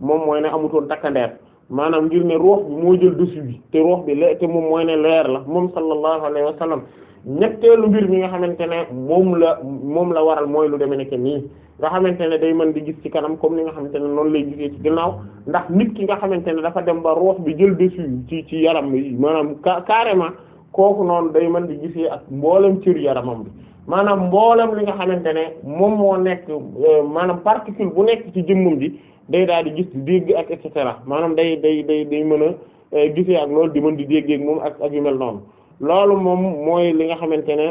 S2: moom mooy ne amutoon takkandeer maanaam ngir ne ruux bi moo jël dessus bi te ruux bi lee te moom mooy ne leer la moom sallallahu alayhi wa sallam ñetteelu mbir mi nga xamante ne moom la moom la waral mooy lu demee nekk nii nga xamante ne day mën di gis ci kanam comme ni nga xamante ne noonu lay gisee ginnaaw ndax nit ki nga xamante ne dafa dem ba ruux bi jël dessus ci ci yaram yi maanaam carrément kooku noonu day mën di gisee ak mboolem cër yaramam bi maanaam mboolem li nga xamante ne moom moo nekk euh, maanaam particule bu nekk ci jëmmum bi day daal di gis di dégg ak et maanaam day day day day mën a eh, gisee ak loolu di mën di déggee moom ak ak yu noonu loolu moom mooy li nga xamante ne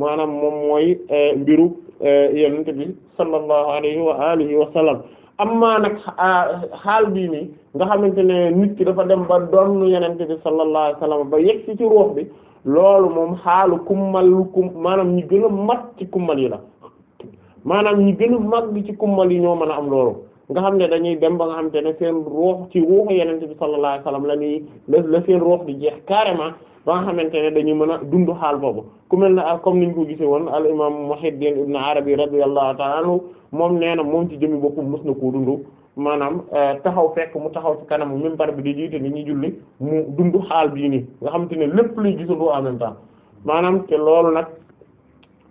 S2: maanaam moom mooy eh, mbiru eh, yonent bi sallallahu alayhi wa alihi wa sallam amma nag ah, xaal bii nii nga xamante ne nit ki dafa dem ba doon yonent bi sallallahu ba yegg ci ruux bi loolu moom xaalu kummal kum maanaam ñu gën a mat ci kummal yi la maanaam ñi gën a mag ci kummal yi ñoo mën a am loolu nga xam ne dañuy dem ba nga xamante ne seen ruux ci ruuxu yenente bi sallallahu alayhi wasallam la ñuy la seen ruux di jeex carrément ba nga xamante ne dañuy mën a dund xaal boobu ku mel na ah, comme niñ ko gisee woon al imam Muhiddin ibn Arabi radiyallahu ta'ala anhu moom nee na moom ci jëmi boppam mës na koo dund maanaam euh, taxaw fekk mu taxaw ci kanamu minbar bi di jiite ni ñuy julli mu xaal bii nii nga xamante ne lépp luy gisandoo en même maanaam te loolu nag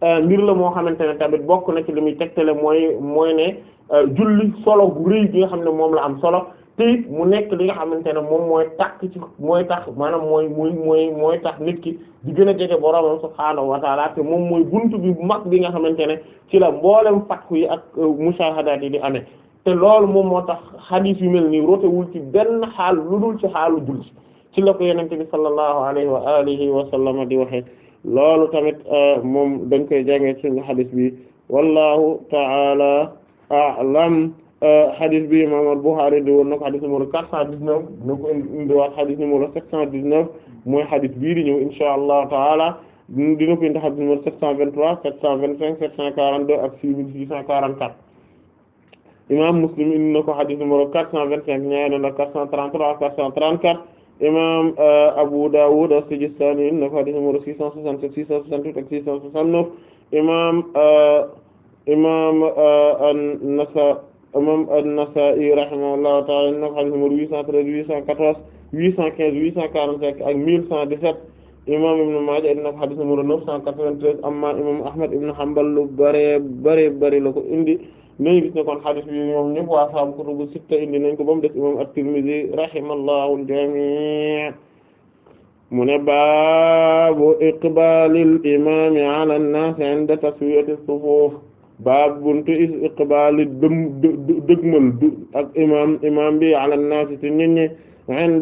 S2: euh, mbir la moo xamante ne tamit bokk na ci li muy tegtale mooy mooy ne Euh, julli solo bu rëy bi nga xam ne moom la am solo te mu nekk li nga xamante ne moom mooy takk ci mooy tax maanaam mooy mooy mooy mooy tax nit ki di gën a jege boroomam subhaanahu wa taala te moom mooy buntu bi mag bi nga xamante ne ci la mboolem fatku wi ak euh, musaahadaat yi di amee te loolu moom moo tax xadiis yu mel nii wul ci benn xaal lu dul ci xaalu julli ci la ko yenente bi sallallahu alayhi wa alihi wa sallam di waxee loolu tamit euh, moom dañ koy jàngee ci xadiis bi wallahu taala a'lam xadis bi imam al-Bukhari di woon na ko xadis numéro 419 na ko indiwaat xadis numéro 719 mooy xadis bii di ñëw insha allah taala dina ko indi xadis numéro 723 725 742 ak 6644 imam Muslim indi na ko xadis numéro 425 ñaareel na 433 434 imam euh, Abu Dawud as-Sijistani indi na ko xadis numéro 667 668 ak 669 imam euh, imaam uh, an-Nasa imaam an-Nasa'i rahimahullahu ta'ala inna ko hadith numéro 813 814 815 845 ak 1117 imaam Ibn Maaja inna ko hadith numéro 993 amma imaam Ahmad ibn Hanbal lu bare bare bare la ko indi nañu gis ne kon hadith bi ñoom ñëpp waa saam kutubu sitta indi nañ ko ba mu des imaam at-Tirmidhi rahimahullahu al-jami' mu ne baabu iqbaalil imaami ala an-naas 'inda taswiyati as-sufuuf baab buntu is iqbaali dëm dëgmal du ak imam imam bi ala naasi ci ni ñi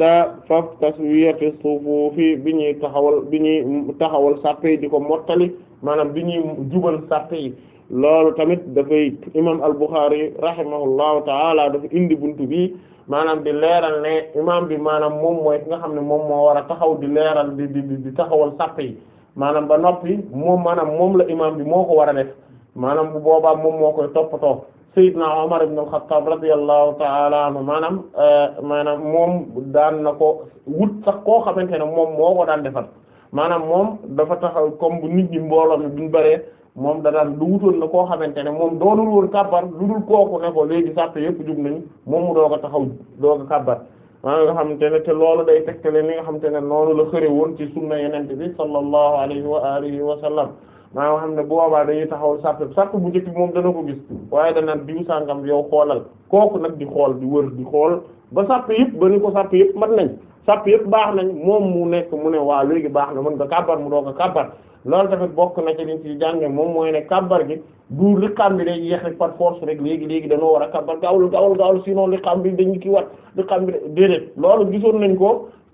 S2: a faf taswiyati sufuufi bi ñuy taxawal bi ñuy taxawal sàppe di ko mottali maanaam bi ñuy jubal sàppe loolu tamit dafay imam al-Bukhari rahimahullahu ta'ala dafa indi buntu bi maanaam di leeral ne imam bi maanaam moom mooy ki nga xam ne moom moo war a taxaw di leeral di di di taxawal sàppe yi maanaam ba noppi moom maanaam moom la imam bi moo ko war a def maanaam bu boobaa moom moo koy toppatoo Seydina Omar ibn al-Khattab radiyallahu ta'ala anhu maanaam euh, maanaam moom daan na ko wut sax koo xamante ne moom moo ko daan defal maanaam moom dafa taxaw comme bu nit ñi mbooloo mi duñ bëree moom da daan du na koo xamante ne moom doonul woon kàbbar lu dul kooku ne ko léegi sàpp yëpp jug nañu moom mu doog taxaw doog a kàbbar maanaam nga xamante ne te loolu day tegtale ni nga xamante ne noonu la xëre woon ci sunna yenente bi sallallahu alayhi wa alihi wa sallam maanaam xam ne bu boobaa dañuy taxaw sàpp sàpp bu njëkk bi moom dana ko gis waaye danaan diw sàngam yow xoolal kooku nag di xool di wër di xool ba sàpp yëpp ba ni ko sàpp yëpp mat nañ sàpp yëpp baax nañ moom mu nekk mu ne waa léegi baax na mën nga kàbbar mu doog a kàbbar loolu tamit bokk na ci liñ ci jànge moom mooy ne kàbbar gi du liqaam bi day yeex rek par force rek léegi léegi dañoo war a kàbbar gaawul gaawul gaawul sinon liqaam bi dañu ki wat liqaam bi déedéet loolu gisoon nañ ko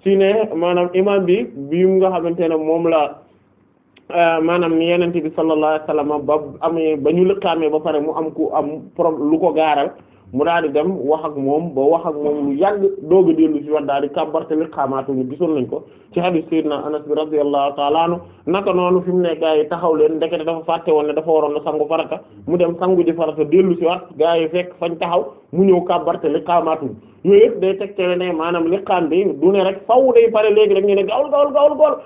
S2: ne maanaam imam bi bi nga xamante ne moom la Euh, maanaam yeneen bi sallallahu alayhi wasallam ba amee ba ñu lëkkaamee ba pare mu am ku am problème lu ko gaaral mu daal di dem wax ak moom ba wax ak moom lu yàgg doog a dellu ci wax daal di kàbbarte liqaamaatu ñu gisoon nañ ko ci hadith sayyidina Anas bi radiyallahu ta'ala anhu naka noonu fi mu ne gaa taxaw leen ndekete dafa fàtte woon ne dafa waroon na sangu farata mu dem sangu ji farata dellu ci wax gaa yi fekk fañ taxaw mu ñëw kàbbarte liqaamaatu yooyu yëpp day tegtale ne maanaam liqaam bi du ne rek faw day pare léegi rek ñu ne gaawul gaawul gaawul gaawul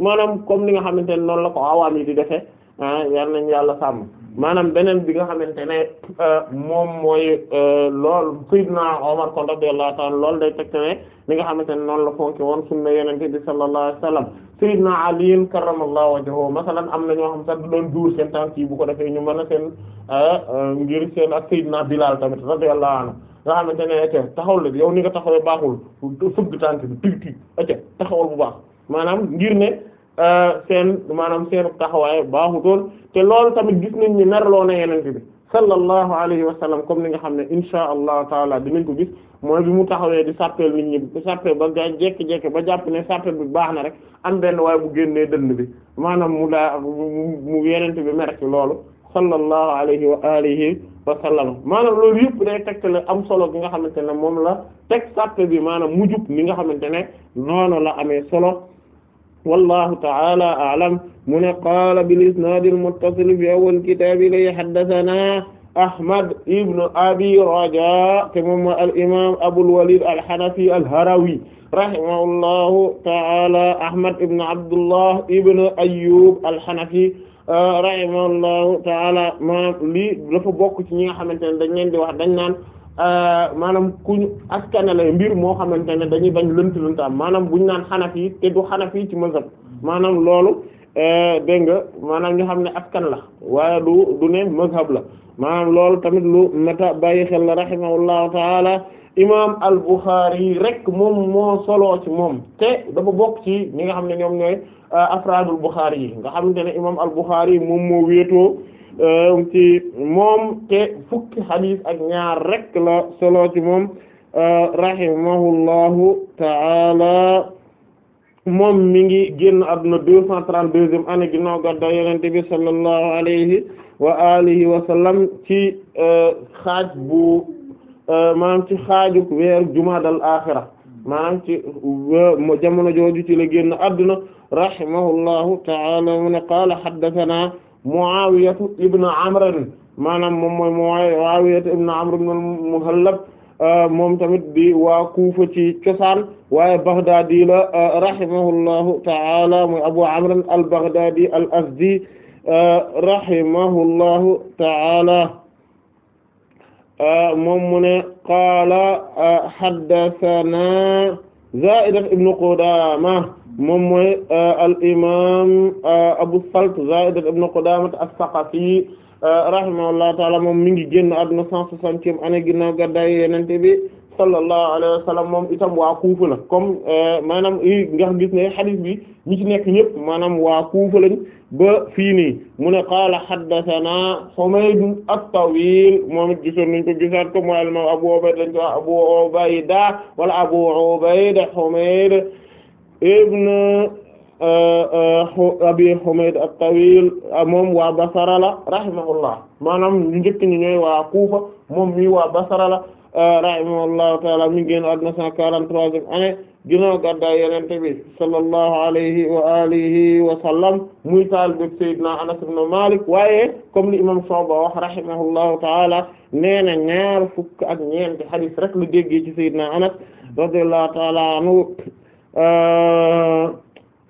S2: maanaam comme li nga xamante ne noonu la ko awaam yi di defee ah yal nañu yàlla sàmm maanaam beneen bi nga xamante ne euh, moom mooy euh, lool Seydina Omar kon radiyallahu ta'ala loolu day teg ne li nga xamante ne noonu la fonki woon sunna yonent bi sallallahu alayhi wasallam Seydina Ali karramallahu wajhahu masalan am na ñoo xam sax doon duur seen tànk yi bu ko defee ñu mën a seen ah, euh, ngir seen a Seydina Bilal tamit radiyallahu anhu nga xamante ne ete taxawul la yow ni nga taxawee baaxul fëgg tànk bi tig tig bu baax Euh, seen maanaam seen taxawaay baaxutoon te loolu tamit gis nañ ni narloo na yeneen bi sallallahu alayhi wa sallam comme ni nga xam ne insha allahu taala dinañ ko gis mooy bi mu taxawee di sàppeel nit ñi sàppeel ba ga jekki-jekki ba jàpp ne sàppeel bi baax na rek am benn waaye bu génnee dënd bi maanaam mu daa mu yeneen bi mer ci loolu sallallahu alayhi wa alihi wa sallam maanaam loolu yëpp day tegte la am solo gi nga xamante ne moom la teg sàppeel bi maanaam mu jub ni nga xamante ne noonu la amee solo wallahu ta'ala a'lam mu ne qaala bil isnaadil muttasil fi awwal kitaab li haddathana Ahmad ibn Abi Raja te moom al imaam Abul Walid al Hanafi al Harawi rahimahullahu ta'ala Ahmad ibn Abdullah ibn Ayyub al Hanafi rahimahullahu ta'ala maanaam lii dafa bokk ci ñi nga xamante ne dañ leen di wax dañ naan. Euh, maanaam kuñu askanale mbir moo xamante ne dañuy bañ lënt lëntaam maanaam ñu naan xanafi te du xanafi ci mazhab maanaam loolu euh, dégg nga maanaam ñu xam ne askan la waaye du du ne mazhab la maanaam loolu tamit lu mata bàyyi xel la rahimahullahu taala imam al-Bukhari rek moom moo solo ci moom te dafa bokk ci ñi nga xam ne ñoom ñooy euh, afradul Bukhari yi nga moom moo wéetoo Euh, ci moom te fukki hadith ak ñaar rek la solo ci moom euh, rahimahullahu ta'ala moom mi ngi génn àdduna deux cent trente-deuxième année ginnaaw gàddaay Yonent bi sallallahu alayhi wa alihi wa sallam ci euh, xaaj bu maanaam ci xaaju weer jumaadal axira maanaam ci jamono jooju ci la génn àdduna rahimahullahu ta'ala mu ne qaala haddathana Muawiyatu ibn Amr maanaam moom mooy Muawiyatu ibn Amr ibn al-Muhallab euh, moom tamit di waa Kufa ci cosaan waaye Baghdadi la euh, rahimahullahu ta'ala mooy Abu Amr al-Baghdadi al-Azdi euh, rahimahullahu ta'ala moom mu ne qaala haddathana Za'idah ibn Qudama moom mooy euh, al imam euh, Abu Salt Zayd ibn Qudamah as-Saqafi euh, rahimahullahu taala moom mi ngi génn àdduna cent soixantième année ginnaaw gàddaay yenente bi sallallahu alayhi wa moom itam waa Kuufa la comme maanaam i nga gis ne bi ñi ci nekk ñëpp maanaam waa Kuufa lañ ba fii nii mu ne qaala haddathana Humayd at-Tawil moom it gisoon nañ ko gisaat ko mooy al imam Abu Ubayd lañ Abu Ubayda wala Abu Ubayd Humayd ibn uh, uh, abi humayd at-tawil uh, moom waa basara la rahimahullah maanaam ñooy waa kuufa moom mii waa basara la taala mi ngi génn àdduna bi sallallahu alayhi wa alihi wa sallam muy taalibe Seydina Anas ibn Malik waaye comme li imam Shu'ba wax rahimahullahu taala nee na ñaar fukk ak ñeenti hadith rek lu déggee ci Seydina Anas radiyallahu taala anhu Euh,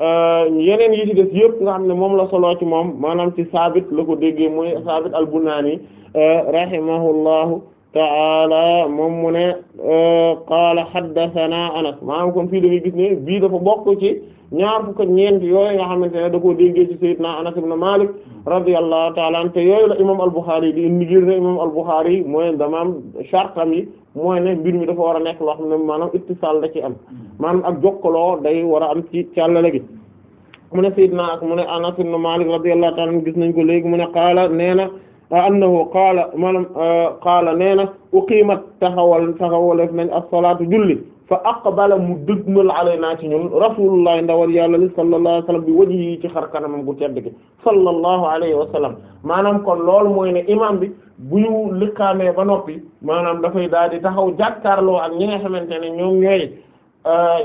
S2: euh, yeneen yi ci yëpp nga xam ne moom la solo ci moom maanaam ci saabit la ko déggee mooy saabit al-Bunaani euh, rahimahullahu taala moom mu ne euh, qaala haddathana anas maanaam kon fii dafay gis ne bii dafa bokk ci ñaar fukk ak ñeent yooyu nga xamante ne da koo déggee ci sayyidina anas ibn malik radiyallahu taala an te yooyu la imam al-Bukhari di indi ne imam al-Bukhari mooy damaam shartam yi mooy ne mbir mi dafa war a nekk loo xam ne maanaam ittisaal da ci am maanaam ak jokkaloo day war a am ci càllale gi mu ne sayyidina ak mu ne anas ibn malik radiyallahu taala gis nañ ko léegi mu ne qaala nee na annahu qaala maanaam euh, qaala nee na uqimat taxawal taxawaleef nañ as-salaatu julli fa aqbala mu dëgmal alaynaa ci ñun rasulullah ndawal yàlla li sallallahu alayhi wa sallam bi wajhi kanamam gu tedd gi sallallahu alayhi wa sallam maanaam kon loolu mooy ne imam bi bu ñu liqaamee ba noppi maanaam dafay daal di taxaw jàkkaarloo ak ñi nga xamante ne ñoom ñooy euh,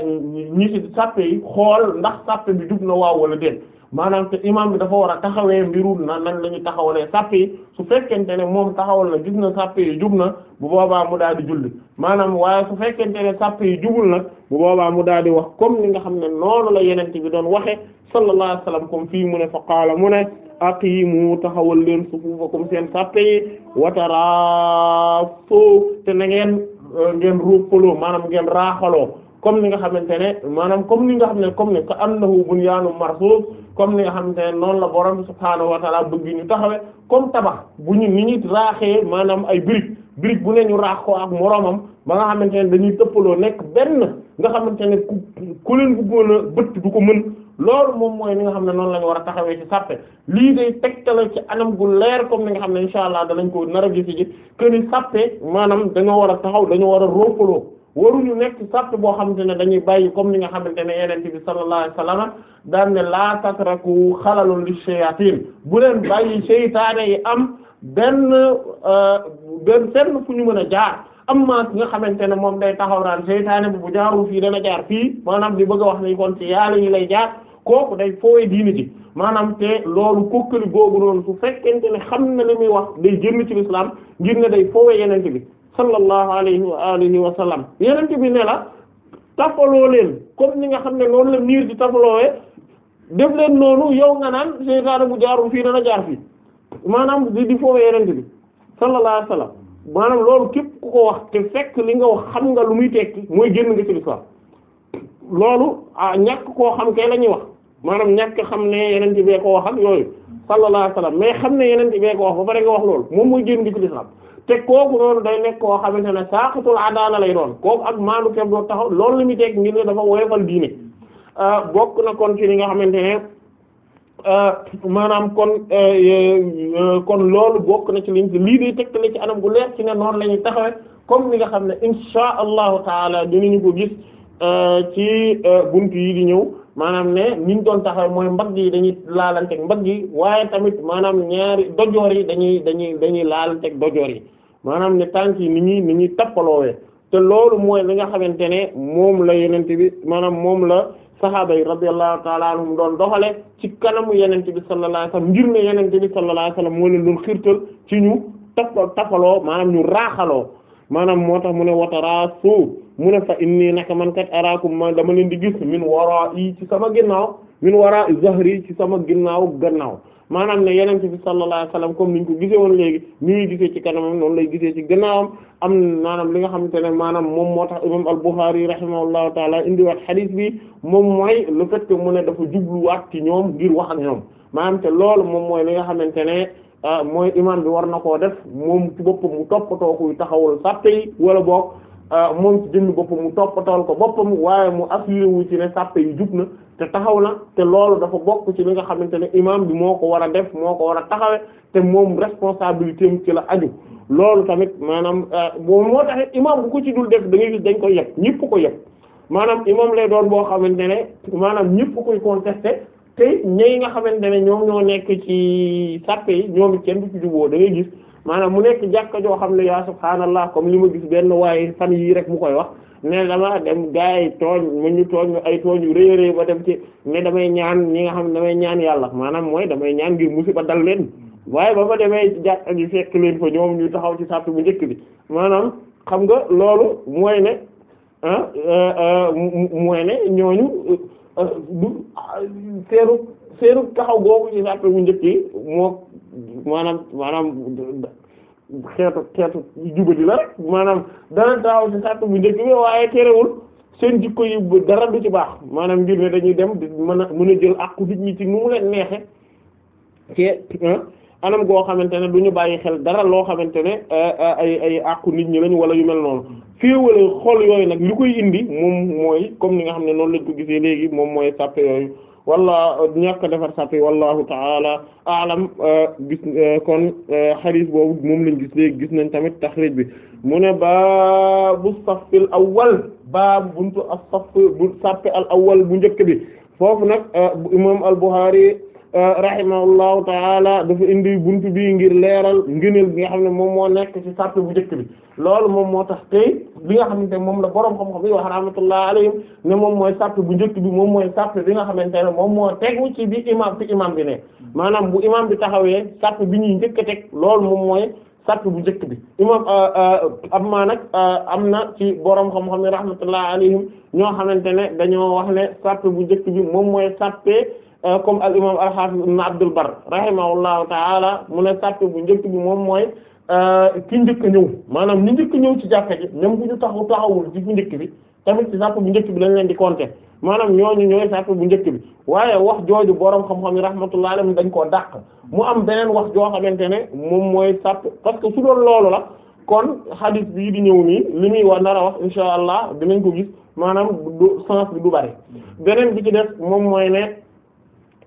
S2: ñi ci sàppe xool ndax sàppe bi jub na waaw wala déet maanaam te imam bi dafa war a taxawee mbiru na nan la ñu taxawalee sàppe yi su fekkente ne moom taxawal na gis na sàppe yi jub na bu boobaa mu daal di julli maanaam waaye su fekkente ne sàppe yi jubul nag bu boobaa mu daal di wax comme li nga xam ne noonu la yeneen bi doon waxe sallallahu alayhi wa sallam comme mu ne fa qaala mu ne aqiimu taxawul leen sufuufakum seen sàppe yi wataraafu te na ngeen euh, ngeen ruupaloo maanaam ngeen raaxaloo comme ni nga xamante ne maanaam comme ni nga xam ne comme ne ka annahu bunyaanun marsuus comme ni nga xamante ne noonu la borom subhaanahu wa ta'aala bëgg taxawe comme tabax bu ñu ni ñuy raaxee maanaam ay brique brique bu ne ñu raax ko ak moroomam ba nga xamante ne dañuy tëppaloo nekk benn nga xamante ne ku ku leen bëggoon a bëtt du ko mën loolu moom mooy li nga xam ne noonu la ñu war a taxawee ci sàppe lii day tegtale ci anam gu leer comme ni nga xam ne incha allah danañ ko nar a gis ji sàppe maanaam dañoo war a taxaw dañoo war a roppaloo waruñu nekk sart boo xamante ne dañuy bàyyi comme ni nga xamante ne yeneen bi sallallahu alayhi wasallam daan ne laa tatraku xalalun li shayatin bu leen bàyyi seytaane yi am benn euh, benn fenn fu ñu mën a jaar am na nga xamante ne moom day taxaw naan seytaane bu bu jaarul fii dana jaar fii maanaam di bëgg a wax ni kon ci yàlla yi lay jaar kooku day foowe diini ji maanaam te loolu kokkali googu noonu su fekkente ne xam na la muy wax day génn ci lislaam ngir ne day foowe yeneen bi sallallahu alayhi wa alihi wa sallam yeneen bi ne la tafaloo leen comme ni nga xam ne noonu la miir di tafaloowee def leen noonu yow nga naan seytaane bu jaarul fii nana jaar fii maanaam di di foofu yeneen maanaam loolu képp ku ko wax te fekk li nga wax xam nga lu muy tekki mooy génn nga ci l'islam loolu ah, ñàkk koo xam kay la ñuy wax maanaam ñàkk xam ne yeneen bi bee ko wax ak yooyu sallallahu alayhi wa xam ne yeneen bi bee ko wax ba pare nga wax loolu moom mooy génn nga ci l'islam te kooku noonu day nekk koo xamante ne saaxitul adaala lay doon kooku ak maanu kenn doo taxaw loolu li muy teg ngir ne dafa woyofal diine euh, bokk na kon ci li nga xamante ne euh, maanaam kon euh, kon loolu bokk na ci liñ lii day tegtale ci anam gu leer ci ne noonu la ñuy taxawee comme li nga xam ne insha allahu taala dinañu ko gis ci buntu yi di ñëw maanaam ne niñ doon taxawee mooy mbagg yi dañuy laalanteek mbagg yi waaye tamit maanaam ñaari dojoor yi dañuy dañuy dañuy laalanteeg dojoor yi. maanaam tànk yi ni ñuy ni ñuy tappaloowee te loolu mooy li nga xamante ne moom la yenente bi maanaam moom la sahaaba yi radiyallahu taala anhum doon doxale ci kanamu yenente bi sallallahu alayhi wasallam ngir ne yenente bi sallallahu alayhi wasallam moo leen doon xirtal ci ñu tap tappaloo maanaam ñu raaxaloo maanaam moo tax mu ne wataraasu mu ne fa inni naka man kat araakum ma dama leen di gis min waraa yi ci sama ginnaaw min waraa zahri ci sama ginnaaw gannaaw maanaam ne yeneen bi sallallahu alayhi wasallam comme niñ ko gisee woon léegi ni ñuy gisee ci kanamam noonu lay gisee ci gannaawam am maanaam li nga xamante ne maanaam moom moo tax imam al-Bukhari rahimahullahu taala indiwaat xadiis bi moom mooy le fait que mu ne dafa jubluwaat ci ñoom ngir wax ak ñoom maanaam te moom mooy li nga xamante ne ah, mooy imam bi war na koo def moom ci boppam mu toppatoo kuy taxawul sàtte yi wala boog Ah, moom ci jënd boppam mu toppatool ko boppam waaye mu assuré wu ci ne sàppe yu jub na te taxaw na te loolu dafa bokk ci li nga xamante ne imaam bi moo ko war a def moo ko war a taxawe te moom responsabilité am ci la aju loolu tamit maanaam ah, bo moo tax imaam bu ko ci dul def da gis dañ koy yeb ñëpp ko yeb maanaam imaam lay doon boo xamante ne maanaam ñëpp koy contesté te ñi nga xamante ne ñoom ñoo nekk ci sàppe yi ñoom it kenn du ci juboo da ngay gis maanaam mu nekk jàkka joo xam ne yaa subhaanallah comme li ma gis benn waaye fan yii rek mu koy wax ne dama dem gars yi tooñ mu ñu tooñ ay tooñ yu rëy rëy ba dem ci ne damay ñaan ñi nga xam ne damay ñaan yàlla maanaam mooy damay ñaan ngir musiba dal leen waaye ba ma demee jàkka ji fekk leen fa ñoom ñu taxaw ci sàpp mu njëkk bi maanaam xam nga loolu mooy ne ah euh, euh, mooy ne ñooñu euh, du ah, seenu taxaw googu ci sàppe bu njëkk yi moo maanaam maanaam xeetu xeetu jubali la rek maanaam dana taxaw ci sàppe bu njëkk bi waaye terewul seen jikko yi dara du ci baax maanaam ngir ne dañuy dem di mën a mën a jël àqu nit ñi ci nu mu leen neexe te ah, anam goo xamante ne du ñu bàyyi xel dara loo xamante ne eh, eh, ay ay àqu nit ñi lañ wala yu mel noonu féewale xol yooyu nag li koy indi moom mooy comme ni nga xam ne noonu lañ ko gisee léegi moom mooy sàppe wala ñàkk a defar sàppe wallahu taala alam euh, gis euh, kon xadis euh, boobu moom lañ gis léegi gis nañ tamit taxrij bi mu ne baabu safil awwal baabu buntu a saff bu sàppe al awwal bu njëkk bi foofu nag imam al-Bukhari rahimahullahu taala dafa indi buntu bi ngir leeral ngëneel bi nga xam ne moom moo nekk ci bu njëkk bi loolu moom moo tax bi nga xamante moom la borom xam-xam yi wax rahmatullah alayhim ne moom mooy sàpp bu njëkk bi moom mooy sàpp moo tegu ci bi imam fi imam bi ne maanaam bu bi ñuy njëkk teg loolu moom mooy sàpp bu njëkk bi imam am euh, euh, maa nag euh, am na ci borom xam-xam yi rahmatullah alayhim ñoo xamante ne dañoo wax ne sàpp bu njëkk moom mooy sàppee comme al imam al-Hafiz ibn Abdul Barr rahimahullahu ta'ala mu ne sàpp bu njëkk bi moom mooy Euh, ki njëkk ñëw maanaam ñi njëkk ñëw ci jàkka ji ñoom bu ñu taxaw taxawul ci bu njëkk bi tamit ci sàpp bu njëkk bi lañ leen di compter maanaam ñooñu ñooy sàpp bu njëkk bi waaye wax jooju boroom xam-xam yi rahmatullahi alayhim dañ koo dàq mu am beneen wax joo xamante ne moom mooy sàpp parce que su doon loolu la kon hadith bii di ñëw nii li muy wa nar wax insha allah dinañ ko gis maanaam du sens bi du bari beneen bi ci def moom mooy ne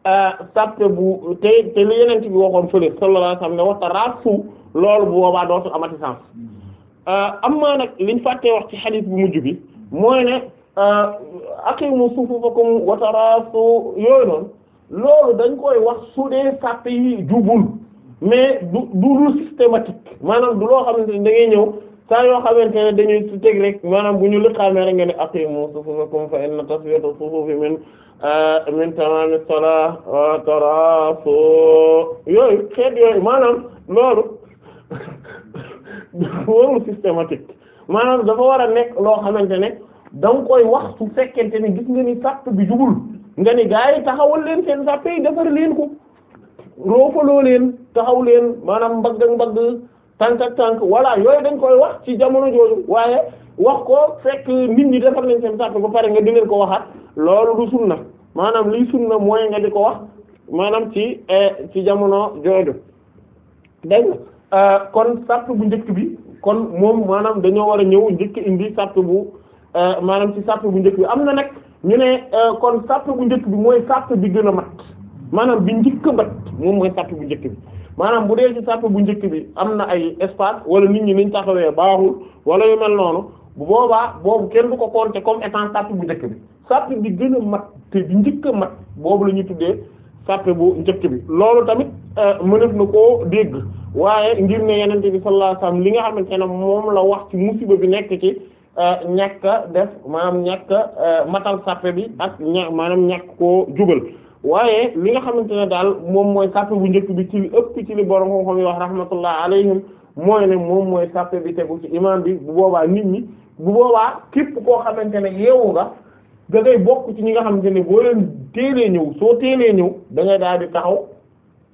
S2: euh, sàpp bu te te li yeneen ci bi waxoon fële sallallahu loolu bu boobaa dootul amati sens euh, am maa nag liñ fàttee wax ci xadiis bu mujj bi mooy ne euh, aqimu sufufakum wa tarasu yooyu noonu loolu dañ koy wax su dee sàpp yi jubul mais du du systématique maanaam du loo xam ne da ngay ñëw saa yoo xamante ne dañuy si teg rek maanaam bu ñu lëqaamee rek nga ne aqimu sufufakum fa inna tasfiyata sufufi min euh, min tamami yooyu xeet yooyu maanaam loolu warul systématique maanaam dafa war a nekk loo xamante ne da nga koy wax su fekkente ne gis nga ni sàpp bi jugul nga ni gaa yi taxawal leen seen sàpp yi defar leen ko roofaloo leen taxaw leen maanaam mbagg mbagg tànk ak tànk voilà yooyu dañ koy wax ci jamono jooju waaye wax ko fekk nit ñi defar leen seen sàpp ba pare nga di ko waxaat loolu du sunna maanaam liy sunna mooy nga di ko wax maanaam ci eh, ci jamono jooju Euh, kon sart bu njëkk bi kon moom maanaam dañoo war a ñëw njëkk indi sart bu euh, maanaam ci sart bu njëkk bi am na nag ñu ne euh, kon sart bu njëkk bi mooy sart bi gën a mat maanaam bi njëkk a mat moom mooy sart bu njëkk bi maanaam bu dee ci sart bu njëkk bi am na ay espace wala nit ñi niñ taxawee baaxul wala yu mel noonu bu boobaa boobu kenn du ko compter comme étant sart bu njëkk bi sart bi gën a mat te bi njëkk a mat boobu la ñuy tuddee sàppe bu njëkk bi loolu tamit euh, mënef na koo dégg waaye ngir ne yenente bi sallallahu alayhi wasallam li nga xamante ne moom la wax ci musiba bi nekk ci euh, ñàkk def maanaam ñàkk a euh, matal sàppe bi ak ña maanaam ñàkk ko jubal waaye li nga xamante ne daal moom mooy sàppe bu njëkk bi ci li ëpp ci li borom xam-xam yi wax rahmatullah alayhim mooy ne moom mooy sàppe bi tegu ci imaam bi bu boobaa nit ñi bu boobaa képp koo xamante ne yeewu nga da ngay bokk ci ñi nga xamante ni boo leen teelee ñëw soo teelee ñëw da ngay di taxaw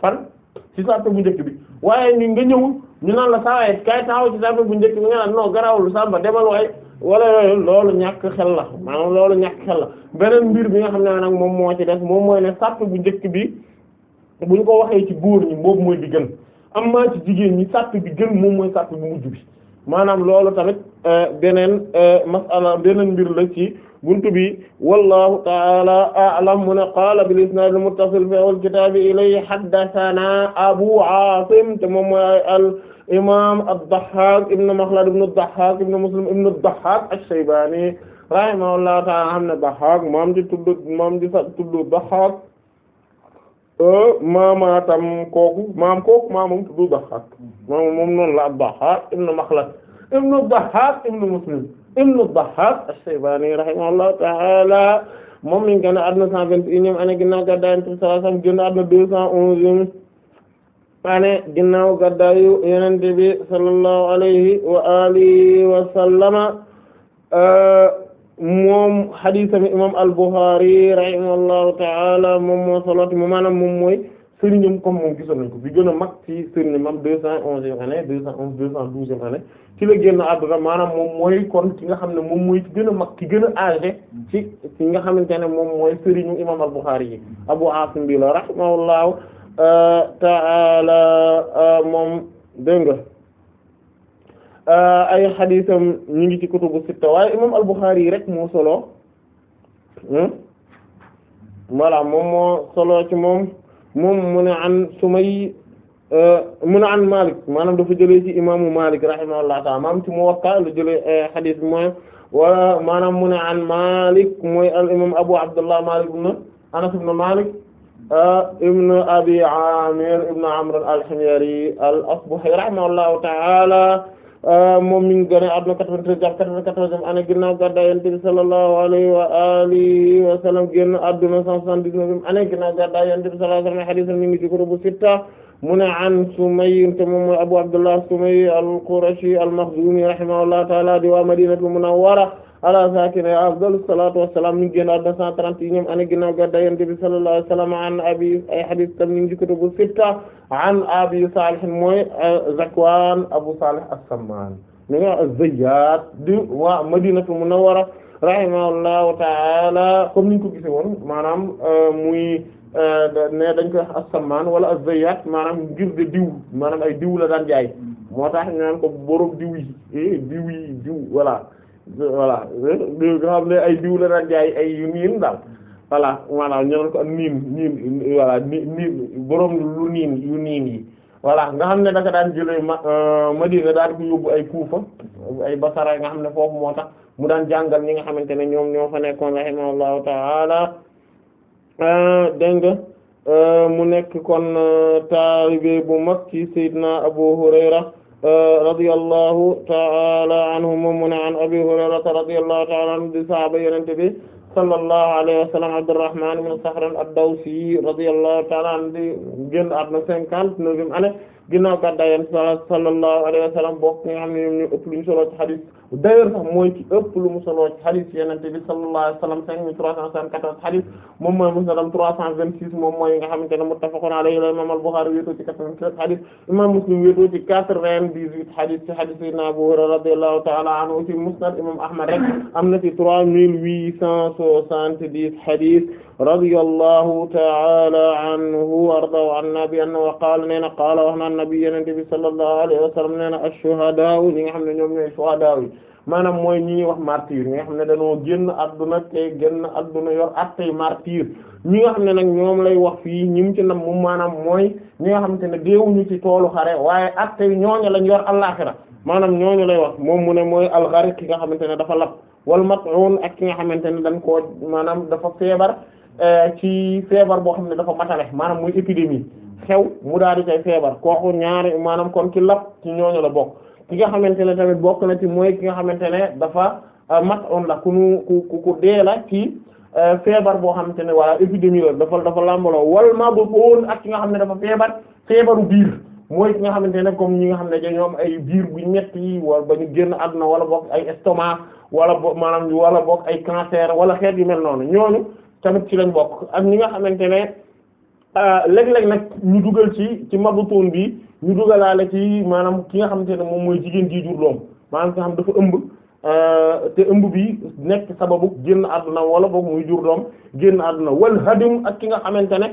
S2: fan ci sàppe bu njëkk bi waaye ñu nga ñëw ñu naan la saa waay kay taxaw ci sàppe bu njëkk bi nga naan non garawul sàmba demal waay ñàkk xel la maanaam loolu ñàkk la beneen mbir bi nga xam naa nag moom moo ci def moom mooy ne sàppe bu njëkk bi buñ ko waxee ci góor ñi boobu mooy bi gën am maa ci jigéen ñi sàppe bi gën moom mooy sàppe bu mujj bi maanaam loolu tamit euh, beneen euh, masala beneen mbir la ci buntu bi wallahu taala a'lam mu ne qaala bil isnaad al muttasil fi al kitaab ilayhi haddathana abu aasim te moom mooy al imaam ad-Dahhaak ibn Makhlad ibn ad-Dahhaak ibn Muslim ibn ad-Dahhaak ash-Shaybaani rahimahullahu taala xam ne Dahhaak moom di tudd moom di sa tudd Dahhaak e, maamaatam kooku maam kooku maamam tudd Dahhaak moom moom noonu la ad-Dahhaak ibn Makhlad ibn ad-Dahhaak ibn Muslim ibnu Dahhaak as-Saybaani rahimahullahu ta'ala moom mi ngi génn àdduna 121 année ginnaaw gàddaay Yonent bi sallallahu alayhi wasallam génn àdduna 211 année ginnaaw gàddaayu Yonent bi sallallahu alayhi wa alihi wa sallama euh, moom hadiisam imaam al-Bukhari rahimahullahu ta'ala moom moo solo maanaam moom mooy. sëriñam comme moom gisoon nañ ko bi gën a mag ci sëriñam am deux cent onzième e année deux cent onze deux cent e ci la génn àdduna maanaam moom mooy kon ki nga xam ne moom mooy ki gën a mag ki gën a ci ci nga xam ne moom mooy sëriñu imam al-Bukhari yi Abu Asim bi la rahimahullahu euh, ta'ala euh, moom dégg nga euh, ay xadiisam ñu ngi ci kutubu sitta waaye imam al yi rek moo solo hmm? voilà moom moo solo ci moom moom mu ne an Sumay euh, mu ne an Malik maanaam dafa jëlee ci imaamu Malik rahimahullah ta'ala maam ci Muwatta la jëlee euh, xadis bi mooy wala maanaam mu ne an Malik mooy al imam Abu Abdullah Malik ibn Anas ibn Malik euh, ibn Abi Amir ibn Amr al-Himyari al-Asbahi rahimahullahu ta'ala Euh, moom mi ngi gën a adduna 93 jàpp 94 ana ginnaaw gàddaay Yonent bi sallallahu alayhi wa alihi wa sallam génn adduna 179 ana ginnaaw gàddaay Yonent bi sallallahu alayhi wa sallam hadith mi ngi ci kutubu sitta mu ne an Sumayy te moom mooy Abu Abdullah Sumayy al-Qurashi al-Makhzumi rahimahullahu ta'ala di waa Madinatul Munawwara ala zakiri afdalu salatu wassalam ñu ngi génn àdduna cent trente yi ñoom ané ginnaaw gàddaay Yonent bi sallallahu alayhi wa sallam an abi ay hadis tam ñu ngi ci kutubu sitta an abi salih mooy euh, Zakwan Abu Salih as-Samman mi nga az-Zayyat di waa Madinatul Munawwara rahimahullahu ta'ala comme niñ ko gise woon maanaam euh, muy euh, ne dañ koy wax wala az-Zayyat maanaam diw maanaam ay diw la daan jaay moo tax ñu naan ko borom eh, diw yi diw yi voilà nga xam ne ay diw la daan jaay ay yu nga xam ne da nga daan ma euh, Madina daan ko yóbbu ay Kufa ay Basara nga xam ne foofu moo tax mu daan jàngal ñi nga xamante ne ñoom ñoo fa nekkoon rahimahullahu ta'ala euh, dégg nga euh, mu nekk kon taalibe bu mag ci Seydina Abu Hurayra radiyallahu ta'ala anhu moom mu ne an abi hurayrata radiyallahu ta'ala anhu di sahaaba yonent bi sallallahu alayhi wa sallam Abdurrahman ibn Sakhran ad-Dawsi radiyallahu ta'ala anhu di génn àdduna cinquante-neuvième année ginnaaw gàddaay Yonent sallallahu alayhi wa sallam bokk nga xam ne ñoom ñu ëpp lu ñu solo ci hadith d'ailleurs sax mooy ci ëpp lu mu solo ci xadis Yonent bi sallallahu alayhi wa sallam cinq mille trois cent soixante-quatorze xadis moom mooy musnadam trois cent vingt-six moom mooy nga xamante ne muttafaqun alayhi la imam al-Bukhari wéetoo ci quatre-vingt-treize xadis imam Muslim wéetoo ci quatre-vingt-dix-huit xadis ci xadis Sayyidina Abu Hurayra radiyallahu ta'ala anhu ci musnad imam Ahmad rek am na ci trois mille huit cent soixante-dix xadis radiyallahu ta'ala anhu wa ardaahu anna bi anna wa qaala nee na qaala wax na nabi Yonent bi sallallahu alayhi wa sallam nee na ash-shuhadaa ñi nga xam ne ñoom ñooy shuhadaa maanaam mooy ñi ñuy wax martyr ñi nga xam ne dañoo génn adduna te génn adduna yor attey martyr ñi nga xam ne nag ñoom lay wax fii ñi mu ci nam moom maanaam mooy ñi nga xamante ne deewuñu ci toolu xare waaye attey ñooñu lañ yor àllaxira maanaam ñooñu lay wax moom mu ne mooy alxari ki nga xamante ne dafa lab wal mat'un ak ki nga xamante ne dañ koo maanaam dafa feebar eh, ci feebar boo xam ne dafa matale maanaam muy épidémie xew mu daal di koy feebar kooku ñaari maanaam kon ki lab ci ñooñu la bokk ki nga xamante ne tamit bokk na ci mooy ki nga xamante ne dafa euh, mat on la ku nu ku ku dee la ci euh, feebar boo xamante ne wala épidémie la dafa dafa làmbaloo wal maa boobu ak ki nga xam ne dafa feebar feebaru biir mooy ki nga xamante ne comme ñi nga xam ne dañoo ay biir bu metti wala ba ñu génn àdduna wala bokk ay estomac wala bo maanaam wala bokk ay cancer wala xeet yu mel noonu ñooñu tamit ci lañ bokk ak ñi nga xamante ne euh, léeg-léeg nag ñu dugal ci ci mabutun bi. ñu dugalaale ci maanaam ki nga xamante ne moom mooy jigéen ji jur doom maanaam ki nga xam dafa ëmb euh, te ëmb bi nekk sababu génn àdduna wala boog muy jur doom génn àdduna wal hadim ak ki nga xamante ne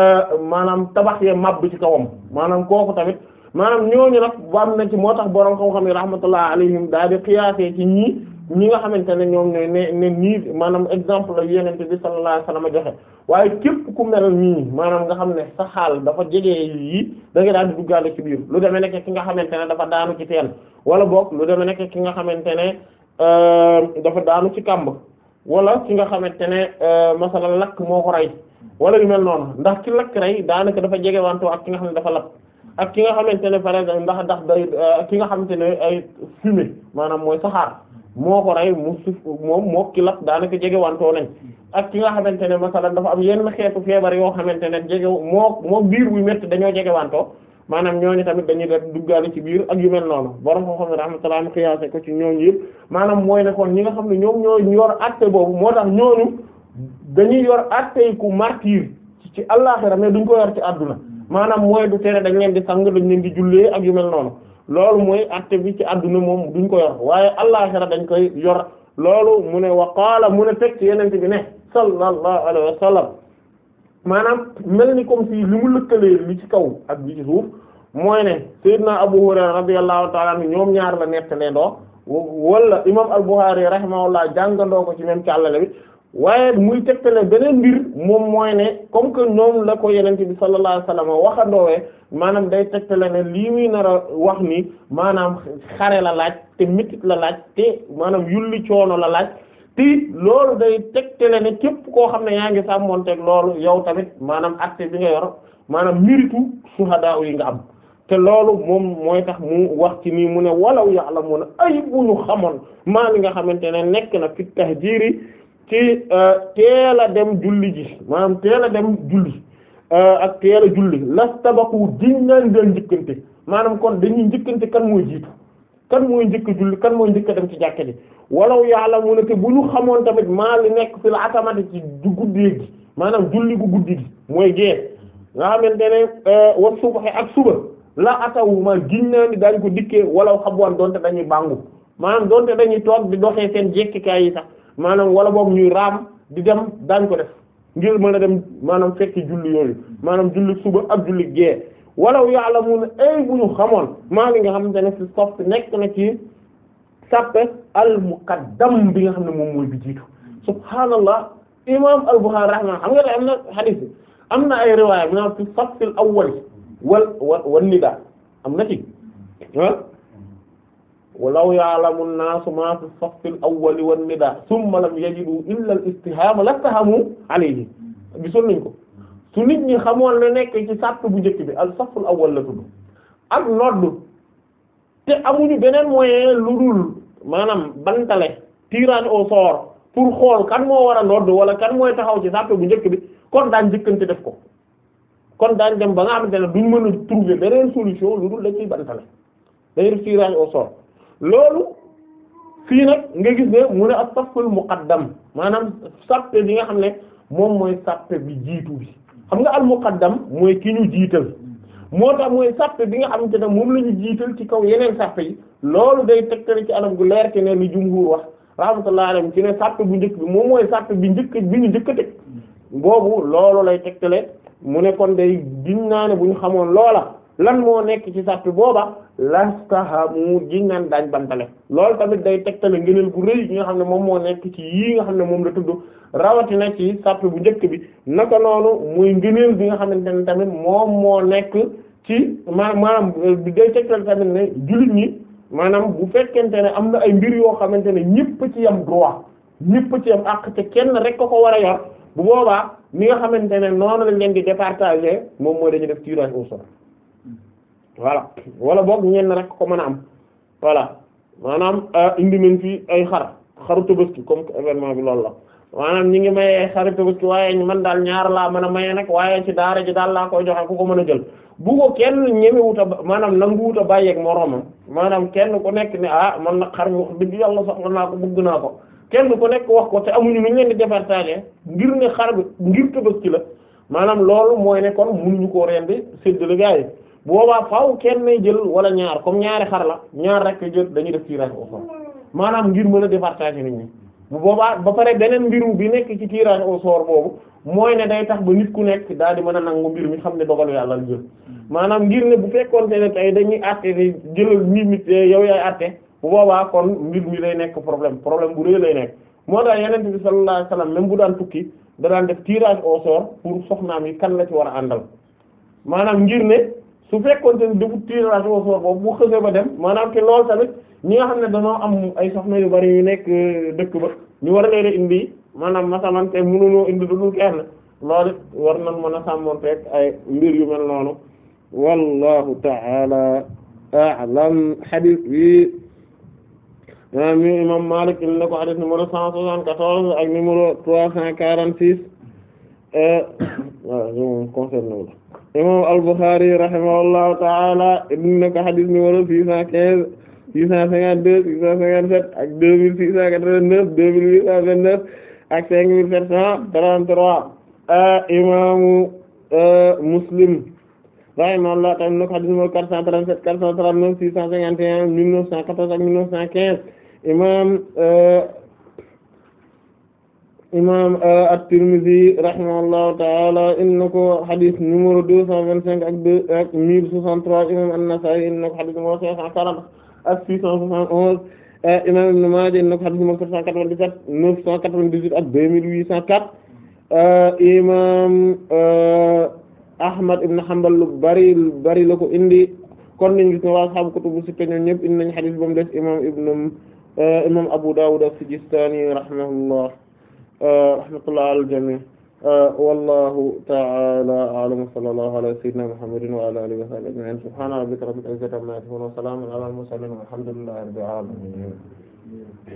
S2: euh, maanaam tabax yee mab ci kawam maanaam kooku tamit maanaam ñooñu nag ba am na ci moo tax borom xam-xam yi rahmatullah alayhim daal di xiyaasee ci ñii. ñi nga xamante ne ñoom ne ne ne nii maanaam exemple la yenente bi sallallahu alayhi wasallam joxe waaye képp ku mel nii maanaam nga xam ne sa xaal dafa jege yi da daal di duggaale ci biir lu demee nekk ki nga xamante ne dafa daanu ci teen wala boog lu demee nekk ki nga xamante ne euh, dafa daanu ci kàmb wala ki nga xamante ne euh, masalan lakk moo ko rey wala yu mel noonu ndax ki lakk rey daanaka dafa jege wantoo ak ki nga xam ne dafa lakk ak ki nga xamante ne par exemple ndax ndax day euh, ki nga xamante ne ay fumée maanaam mooy saxaar moo ko rey mu suuf moom moo ki lap daanaka jegewantoo nañ ak ki nga xamante ne masalan dafa am yenn xeetu feebar yoo xamante ne jege moo moo biir bu metti dañoo jegewantoo maanaam ñooñu tamit dañuy def duggaale ci biir ak mel noonu borom koo xam ne rahmatullah mu xiyaase ko ci ñooñu yëpp maanaam mooy ne kon ñi nga xam ne ñoom ñoo yor àtte boobu moo tax ñooñu dañuy yor àtte ku martyr ci àllaaxira ne duñ ko yor ci àdduna maanaam mooy du tere dañ leen di sang dañ leen di jullee ak yu mel noonu loolu mooy atte bi ci àdduna moom duñ ko yor waaye àllaxira dañ koy yor loolu mu ne wa qaala mu ne teg ci yenente bi ne sallallahu alayhi wa maanaam mel ni comme si li mu lëkkalee li ci kaw ak bi ci suuf mooy ne sayyidina Abu Hurayra radiyallahu ta'ala anhu ñoom ñaar la nettalee ndoo wala imam al-Bukhari rahimahullah jàngandoo ko ci même càllale bi waaye muy tegtale beneen mbir moom mooy ne comme que ñoom la ko yenente bi sallallahu alayhi wasallam waxandoowee maanam day tegte la ne lii muy nar a wax ni maanaam xare la laaj te métit la laaj te maanaam yulli coono la laaj te loolu day tegte tegtale ne képp koo xam ne yaa ngi sàmmonteeg loolu yow tamit maanaam acte bi nga yor maanaam miritu suhadaa yi nga am te loolu moom mooy tax mu wax ci nii mu ne walaw ya'lamuna ay bu ñu xamoon maa li nga xamante ne nekk na fi tahjiri ci euh, teel a dem julli ji maanaam teel a dem julli euh, ak teel a julli lastabaqu diñ naan dal njëkkante maanaam kon dañuy njëkkante kan mooy jiitu kan mooy njëkk julli kan mooy njëkk dem ci jàkka ji walaw yàlla mu ne bu ñu xamoon tamit maa li nekk fi la atamati ci du guddee gi maanaam julli gu guddi gi mooy gée nga xamante ne euh, wa subaxe ak suba la atawu ma giñ naa ni daañ ko dikkee walaw xabwaan doonte dañuy bàngu maanaam doonte dañuy toog di doxee seen jekkikaay yi sax maanaam wala boog ñuy raam di dem daañ ko def ngir mën a dem maanaam fekki julli yooyu maanaam julli suba ak julli gee walaw ya'lamuna ay bu ñu xamoon maa li nga xamante ne ci soft nekk na ci sàppe al muqaddam bi nga xam ne moom mooy bi jiitu subhaanallah imam al-Bukhari rahma xam nga te am na hadith am na ay riwaaya bi nga xam ci safil awwal wal wa wan nida am na ci ah walaw ya'lamu an-naasu maa fi as-saffi al-awwali wan-nidaa thumma lam yajidu illa al-istihaama lastahamu alayhi gisoon nañ ko su nit ñi xamoon la nekk ci sàpp bu njëkk bi al-saff al la tudd am nodd te amuñu beneen moyen lu dul maanaam bantale tirage au sort pour xool kan moo war a nodd wala kan mooy taxaw ci sàpp bu njëkk bi kon daañ njëkkante def ko kon daan dem ba nga xamante ne duñ mën a trouver beneen solution lu dul dañ ciy bantale dañuy def tirage loolu fii nag nga gis ne mu ne ak safful muqaddam maanaam sàppe bi nga xam ne moom mooy sàppe bi jiitu bi xam nga al muqaddam mooy ki ñu jiital moo tax mooy sàppe bi nga xamante ne moom la ñu jiital ci kaw yeneen sàppe yi loolu day tegtale ci anam gu leer ci ne ni jumhur wax rahmatullahi alayhi ci ne sàppe bu njëkk bi moom mooy sàppe bi njëkk bi ñu njëkk a teg boobu loolu lay tegtale mu nekkoon day giñ naane bu ñu xamoon loola lan moo nekk ci sàpp booba lastahamu ji naan daañ bantale loolu tamit day tegtale ngëneel gu rëy yi nga xam ne moom moo nekk ci yii nga xam ne moom la tudd rawatina ci sàpp bu njëkk bi naka noonu muy ngëneel bi nga xamante ne tamit moom moo nekk ci maanaam euh, day tegtale tamit ne jullit ñi maanaam bu fekkente ne am na ay mbir yoo xamante ne ñëpp ci yam droit ñëpp ci yam àq te kenn rek ko ko war a yor bu boobaa ni nga xamante ne noonu la leen di départager moom mooy dañuy def tirage au sort voilà wala boog ñenn rek ko mën a am voilà maanaam euh, indi nañ fi ay xar xaru tabaski comme événement bi loolu la ñi ngi maye ay xaru tabaski waaye man daal ñaar laa mën a maye nag waaye ci daara ji daal laa koy joxe ku ko mën a jël bu kenn ñemewut a maanaam nanguwut a bàyyeeg moroomam maanaam kenn ku nekk ne ah man nag xar mi wax dëgg yàlla soxla naa ko bëgg naa ko kenn ku nekk wax ko te amuñu nu ñu leen di départager ngir ne xar bi ngir tabaski la maanaam loolu mooy ne kon mënuñu koo rendi la gaa yi boobaa faaw kenn may jël wala ñaar comme ñaari xar la ñaar rek jël dañuy def tirage au sort maanaam ngir mën a départager nit ñi bu boobaa ba pare beneen mbiru bi nekk ci tirage au sort boobu mooy ne day tax ba nit ku nekk daal di mën a nangu mbir mi xam ne dogalu yàlla la jël maanaam ngir ne bu fekkoon ne tey dañuy àtte ne jëlal nii nit yow yaay àtte bu boobaa kon mbir mi lay nekk problème problème bu rëy lay nekk moo tax yeneen bi sallallahu alayhi wasallam même bu daan tukki da daan def tirage au sort pour soxnaam yi kan la ci war a àndal su fekkoon ne dugub tirage au sort boobu bu xësee ba dem maanaam te loolu tamit ñi nga xam ne dañoo am ay soxna yu bari yu nekk euh, dëkk ba ñu war leen a indi maanaam masalan te mënuñoo indi dugub kenn loolu war nañ mën a sàmmanteeg ay mbir yu mel noonu wallahu ta'ala a'lam hadith bi euh, mi imam Malik indi na ko hadith numéro cent quatorze ak numéro trois cent quarante-six euh, concerne imam al-Bukhari rahimahullahu ta'ala indi na ko xadis six cent quinze six cent cinquante-deux six cent cinquante-sept ak deux mille six cent quatre neuf deux mille huit cent vingt-neuf ak cinq mille sept cent trente-trois imaamu euh, Muslim rahimahullah ta'ala indi na ko xadis quatre cent trente-sept quatre cent trente-neuf six cent cinquante et un mille neuf cent quatorze cent quinze imam euh, imam euh, at-Tirmidhi rahimahullahu taala in na ko xadis numéro deux cent vingt cinq ak deux ak mille soixante trois imam an-Nasa'i na ko xadis numéro cinq cent quarante ak six cent soixante onze euh, imam Ibn Maaja in na ko xadis numéro sept cent quatre vingt dix cent quatre vingt euh, dix Ahmad ibn Hanbal lu bari bari la ko indi kon nañ gis ne waa ashaabu kutubu sitta ñoom ñëpp indi nañ xadis ba mu des imam ibn imam Abu Dawud as-Sijistani rahimahullah rahmatullah al jami uh, wallahu ta'ala a'lam sallallahu ala sayyidina muhammadin wa ala alihi wa sahbihi ajma'in subhana rabbika rabbil izzati amma yasifun wa salamun ala al mursalin walhamdulillahi rabbil
S1: alamin